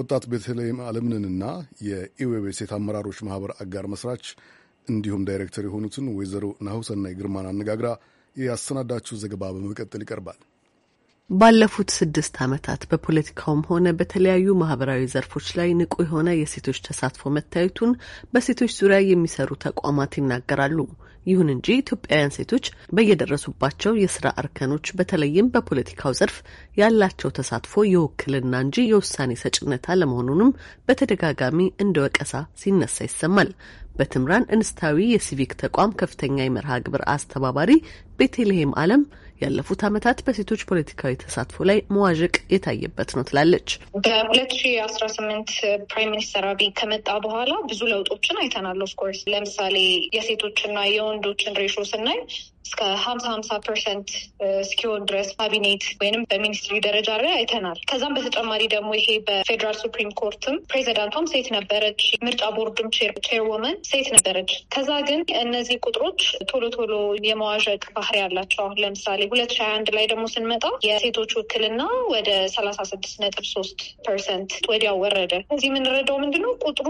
ወጣት ቤተልሔም አለምንንና የኢዌብ ሴት አመራሮች ማህበር አጋር መስራች እንዲሁም ዳይሬክተር የሆኑትን ወይዘሮ ናሁሰናይ ግርማን አነጋግራ ያሰናዳችሁ ዘገባ በመቀጠል ይቀርባል። ባለፉት ስድስት ዓመታት በፖለቲካውም ሆነ በተለያዩ ማህበራዊ ዘርፎች ላይ ንቁ የሆነ የሴቶች ተሳትፎ መታየቱን በሴቶች ዙሪያ የሚሰሩ ተቋማት ይናገራሉ። ይሁን እንጂ ኢትዮጵያውያን ሴቶች በየደረሱባቸው የስራ እርከኖች በተለይም በፖለቲካው ዘርፍ ያላቸው ተሳትፎ የውክልና እንጂ የውሳኔ ሰጭነት አለመሆኑንም በተደጋጋሚ እንደ ወቀሳ ሲነሳ ይሰማል። በትምራን እንስታዊ የሲቪክ ተቋም ከፍተኛ የመርሃ ግብር አስተባባሪ ቤቴልሄም አለም ያለፉት ዓመታት በሴቶች ፖለቲካዊ ተሳትፎ ላይ መዋዠቅ የታየበት ነው ትላለች። በሁለት ሺ አስራ ስምንት ፕራይም ሚኒስተር አብይ ከመጣ በኋላ ብዙ ለውጦችን አይተናል። ኦፍኮርስ ለምሳሌ የሴቶችና የወንዶችን ሬሾ ስናይ እስከ ሀምሳ ሀምሳ ፐርሰንት እስኪሆን ድረስ ካቢኔት ወይም በሚኒስትሪ ደረጃ ላይ አይተናል። ከዛም በተጨማሪ ደግሞ ይሄ በፌዴራል ሱፕሪም ኮርትም ፕሬዚዳንቷም ሴት ነበረች፣ ምርጫ ቦርድም ቼርወመን ሴት ነበረች። ከዛ ግን እነዚህ ቁጥሮች ቶሎ ቶሎ የመዋዠቅ ባህሪ ያላቸው አሁን ለምሳሌ ሁለት ሺህ አንድ ላይ ደግሞ ስንመጣ የሴቶች ውክልና ወደ ሰላሳ ስድስት ነጥብ ሶስት ፐርሰንት ወዲያው ወረደ። እዚህ የምንረዳው ምንድነው ቁጥሩ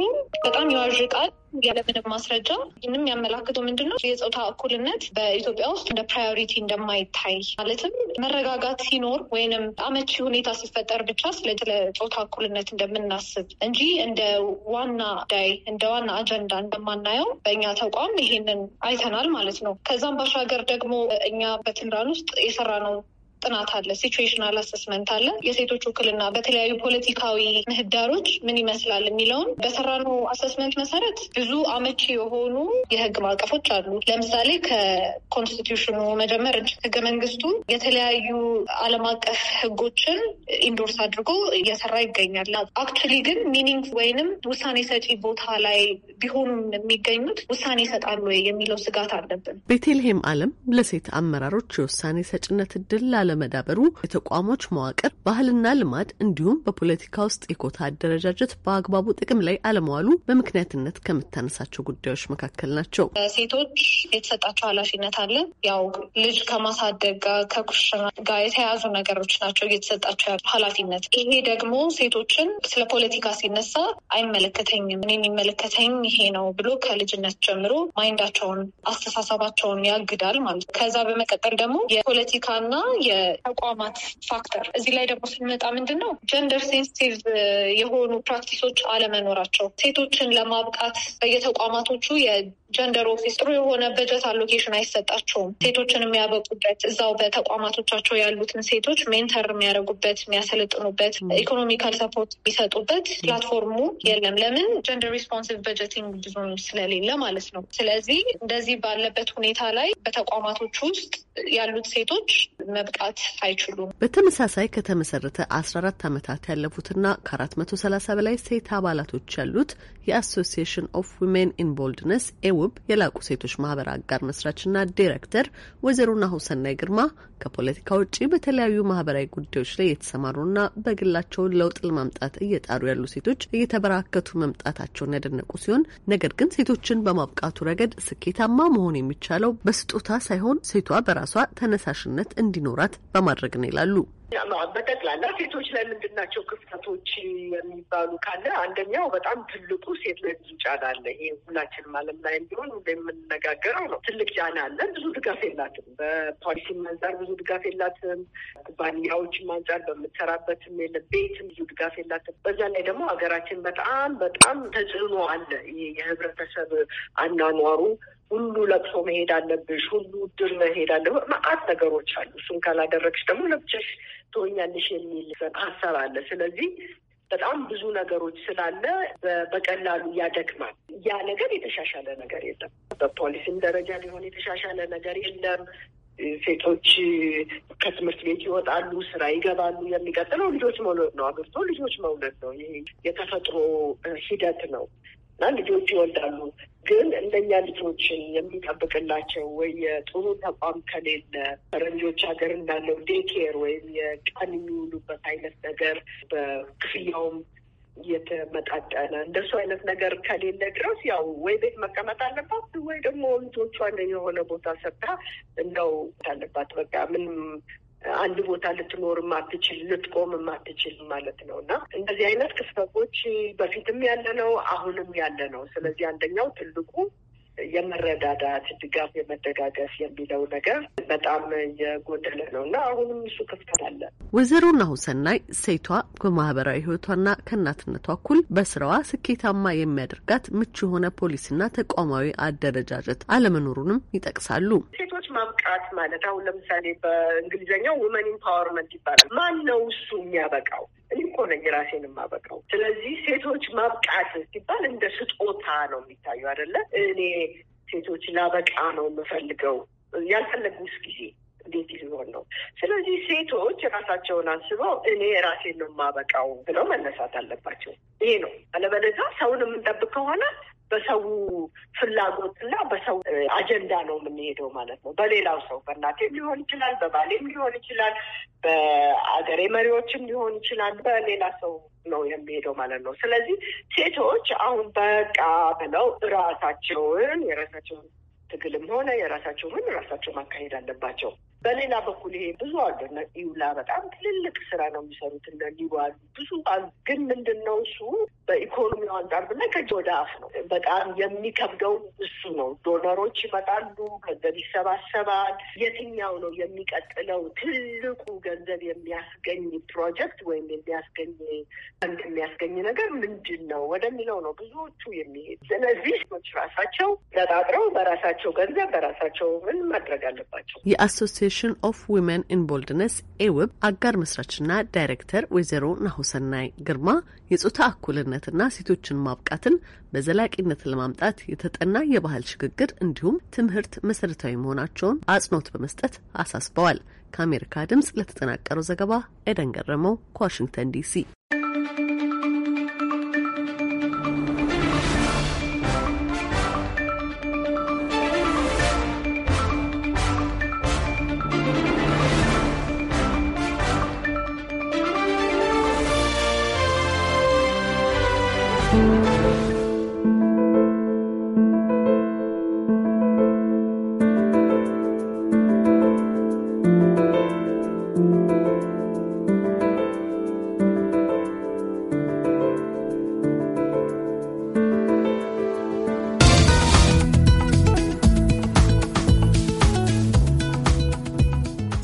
በጣም ይዋዥቃል። ያለምንም ማስረጃ ይህንም ያመላክተው ምንድን ነው የፆታ እኩልነት በኢትዮጵያ ውስጥ እንደ ፕራዮሪቲ እንደማይታይ ማለትም መረጋጋት ሲኖር ወይንም አመቺ ሁኔታ ሲፈጠር ብቻ ስለ ፆታ እኩልነት እንደምናስብ እንጂ እንደ ዋና ጉዳይ እንደ ዋና አጀንዳ እንደማናየው በእኛ ተቋም ይሄንን አይተናል ማለት ነው። ከዛም ባሻገር ደግሞ እኛ በትምራን ውስጥ የሰራ ነው ጥናት አለ፣ ሲዌሽናል አሰስመንት አለ። የሴቶች ውክልና በተለያዩ ፖለቲካዊ ምህዳሮች ምን ይመስላል የሚለውን በሰራነው አሰስመንት መሰረት ብዙ አመቺ የሆኑ የህግ ማዕቀፎች አሉ። ለምሳሌ ከኮንስቲትዩሽኑ መጀመር ህገ መንግስቱ የተለያዩ ዓለም አቀፍ ህጎችን ኢንዶርስ አድርጎ እየሰራ ይገኛል። አክቹሊ ግን ሚኒንግ ወይንም ውሳኔ ሰጪ ቦታ ላይ ቢሆኑም የሚገኙት ውሳኔ ይሰጣሉ ወይ የሚለው ስጋት አለብን። ቤቴልሄም አለም ለሴት አመራሮች የውሳኔ ሰጭነት እድል ባለመዳበሩ የተቋሞች መዋቅር፣ ባህልና ልማድ እንዲሁም በፖለቲካ ውስጥ የኮታ አደረጃጀት በአግባቡ ጥቅም ላይ አለመዋሉ በምክንያትነት ከምታነሳቸው ጉዳዮች መካከል ናቸው። ሴቶች የተሰጣቸው ኃላፊነት አለ። ያው ልጅ ከማሳደግ ጋር ከኩሽና ጋር የተያያዙ ነገሮች ናቸው እየተሰጣቸው ያሉ ኃላፊነት። ይሄ ደግሞ ሴቶችን ስለ ፖለቲካ ሲነሳ አይመለከተኝም እኔ የሚመለከተኝ ይሄ ነው ብሎ ከልጅነት ጀምሮ ማይንዳቸውን አስተሳሰባቸውን ያግዳል ማለት ነው። ከዛ በመቀጠል ደግሞ የፖለቲካና የተቋማት ፋክተር። እዚህ ላይ ደግሞ ስንመጣ ምንድን ነው ጀንደር ሴንሲቲቭ የሆኑ ፕራክቲሶች አለመኖራቸው ሴቶችን ለማብቃት በየተቋማቶቹ የጀንደር ኦፊስ ጥሩ የሆነ በጀት አሎኬሽን አይሰጣቸውም። ሴቶችን የሚያበቁበት እዛው በተቋማቶቻቸው ያሉትን ሴቶች ሜንተር የሚያደርጉበት የሚያሰለጥኑበት፣ ኢኮኖሚካል ሰፖርት የሚሰጡበት ፕላትፎርሙ የለም። ለምን ጀንደር ሪስፖንሲቭ በጀቲንግ ብዙ ስለሌለ ማለት ነው። ስለዚህ እንደዚህ ባለበት ሁኔታ ላይ በተቋማቶች ውስጥ ያሉት ሴቶች መብቃት መውጣት አይችሉም። በተመሳሳይ ከተመሰረተ አራት ዓመታት ያለፉትና ከ ሰላሳ በላይ ሴት አባላቶች ያሉት የአሶሲሽን ኦፍ ዊሜን ኢን ኤውብ የላቁ ሴቶች ማህበር አጋር መስራችና ዲሬክተር ወይዘሮ ናሁሰናይ ግርማ ከፖለቲካ ውጭ በተለያዩ ማህበራዊ ጉዳዮች ላይ የተሰማሩና በግላቸውን ለውጥ ለማምጣት እየጣሩ ያሉ ሴቶች እየተበራከቱ መምጣታቸውን ያደነቁ ሲሆን ነገር ግን ሴቶችን በማብቃቱ ረገድ ስኬታማ መሆን የሚቻለው በስጦታ ሳይሆን ሴቷ በራሷ ተነሳሽነት እንዲኖራት በማድረግ ነው ይላሉ። በጠቅላላ ሴቶች ላይ ምንድን ናቸው ክፍተቶች የሚባሉ ካለ አንደኛው በጣም ትልቁ ሴት ላይ ብዙ ጫና አለ። ይሄ ሁላችንም ዓለም ላይ እንዲሆን የምንነጋገረው ነው። ትልቅ ጫና አለ። ብዙ ድጋፍ የላትም። በፖሊሲም አንጻር ብዙ ድጋፍ የላትም። ኩባንያዎችም አንጻር በምትሰራበትም የለ ቤትም ብዙ ድጋፍ የላትም። በዛ ላይ ደግሞ ሀገራችን በጣም በጣም ተጽዕኖ አለ። ይህ የህብረተሰብ አናኗሩ ሁሉ ለቅሶ መሄድ አለብሽ፣ ሁሉ ድር መሄድ አለ መአት ነገሮች አሉ። እሱን ካላደረግሽ ደግሞ ለብቻሽ ትሆኛለሽ የሚል ሀሳብ አለ። ስለዚህ በጣም ብዙ ነገሮች ስላለ በቀላሉ ያደክማል። ያ ነገር የተሻሻለ ነገር የለም። በፖሊሲም ደረጃ ሊሆን የተሻሻለ ነገር የለም። ሴቶች ከትምህርት ቤት ይወጣሉ፣ ስራ ይገባሉ። የሚቀጥለው ልጆች መውለድ ነው፣ አብርቶ ልጆች መውለድ ነው። ይሄ የተፈጥሮ ሂደት ነው። እና ልጆች ይወልዳሉ። ግን እንደኛ ልጆችን የሚጠብቅላቸው ወይ የጥሩ ተቋም ከሌለ ፈረንጆች ሀገር እንዳለው ዴኬር ወይም የቀን የሚውሉበት አይነት ነገር በክፍያውም የተመጣጠነ እንደሱ አይነት ነገር ከሌለ ድረስ ያው ወይ ቤት መቀመጥ አለባት ወይ ደግሞ ልጆቿን የሆነ ቦታ ሰጥታ እንደው አለባት። በቃ ምንም አንድ ቦታ ልትኖር ማትችል ልትቆም ማትችል ማለት ነው እና እንደዚህ አይነት ክስተቶች በፊትም ያለ ነው፣ አሁንም ያለ ነው። ስለዚህ አንደኛው ትልቁ የመረዳዳት ድጋፍ የመደጋገፍ የሚለው ነገር በጣም የጎደለ ነው እና አሁንም እሱ ክፍተት አለ። ወይዘሮ ናሁሰናይ ሴቷ በማህበራዊ ህይወቷና ከእናትነቷ እኩል በስራዋ ስኬታማ የሚያደርጋት ምቹ የሆነ ፖሊሲና ተቋማዊ አደረጃጀት አለመኖሩንም ይጠቅሳሉ። ሴቶች ማብቃት ማለት አሁን ለምሳሌ በእንግሊዝኛው ውመን ኢምፓወርመንት ይባላል። ማን ነው እሱ የሚያበቃው? እኔ እኮ ነኝ ራሴን የማበቃው። ስለዚህ ሴቶች ማብቃት ሲባል እንደ ስጦታ ነው የሚታዩ አይደለ? እኔ ሴቶች ላበቃ ነው የምፈልገው ያልፈለጉስ ጊዜ እንዴት ሊሆን ነው? ስለዚህ ሴቶች ራሳቸውን አስበው እኔ ራሴን ነው የማበቃው ብለው መነሳት አለባቸው። ይሄ ነው። አለበለዚያ ሰውን የምንጠብቅ ከሆነ በሰው ፍላጎት እና በሰው አጀንዳ ነው የምንሄደው ማለት ነው። በሌላው ሰው በእናቴም ሊሆን ይችላል፣ በባሌም ሊሆን ይችላል፣ በአገሬ መሪዎችም ሊሆን ይችላል። በሌላ ሰው ነው የሚሄደው ማለት ነው። ስለዚህ ሴቶች አሁን በቃ ብለው እራሳቸውን የራሳቸውን ትግልም ሆነ የራሳቸውን ራሳቸው ማካሄድ አለባቸው። በሌላ በኩል ይሄ ብዙ አሉ። እነ በጣም ትልልቅ ስራ ነው የሚሰሩት። እንደ ሊዋ ብዙ አሉ። ግን ምንድን ነው እሱ በኢኮኖሚው አንጻር ብናይ ከእጅ ወደ አፍ ነው። በጣም የሚከብደው እሱ ነው። ዶነሮች ይመጣሉ፣ ገንዘብ ይሰባሰባል። የትኛው ነው የሚቀጥለው ትልቁ ገንዘብ የሚያስገኝ ፕሮጀክት ወይም የሚያስገኝ አንድ የሚያስገኝ ነገር ምንድን ነው ወደሚለው ነው ብዙዎቹ የሚሄድ። ስለዚህ ራሳቸው ተጣጥረው በራሳቸው ገንዘብ በራሳቸው ምን ማድረግ አለባቸው። አሶሲሽን ኦፍ ዊመን ኢን ቦልድነስ ኤውብ አጋር መስራችና ዳይሬክተር ወይዘሮ ናሁሰናይ ግርማ የጾታ እኩልነትና ሴቶችን ማብቃትን በዘላቂነት ለማምጣት የተጠና የባህል ሽግግር እንዲሁም ትምህርት መሰረታዊ መሆናቸውን አጽንኦት በመስጠት አሳስበዋል። ከአሜሪካ ድምጽ ለተጠናቀረው ዘገባ ኤደን ገረመው ከዋሽንግተን ዲሲ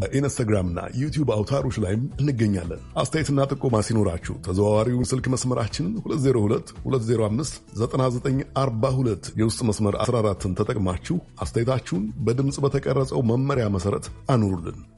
በኢንስታግራምና ዩቲዩብ አውታሮች ላይም እንገኛለን። አስተያየትና ጥቆማ ሲኖራችሁ ተዘዋዋሪውን ስልክ መስመራችን 2022059942 የውስጥ መስመር 14ን ተጠቅማችሁ አስተያየታችሁን በድምፅ በተቀረጸው መመሪያ መሰረት አኑሩልን።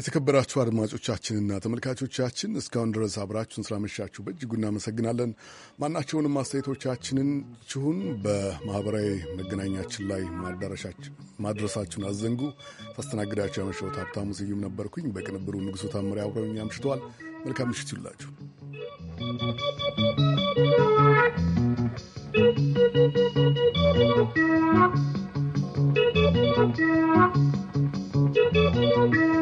የተከበራችሁ አድማጮቻችንና ተመልካቾቻችን እስካሁን ድረስ አብራችሁን ስላመሻችሁ በእጅጉ እናመሰግናለን። ማናቸውንም አስተያየቶቻችንን ችሁን በማኅበራዊ መገናኛችን ላይ ማድረሳችሁን አዘንጉ። ታስተናግዳችሁ ያመሸሁት ሀብታሙ ስዩም ነበርኩኝ። በቅንብሩ ንጉሡ ታምሬ አብረውኝ አምሽተዋል። መልካም ምሽት you.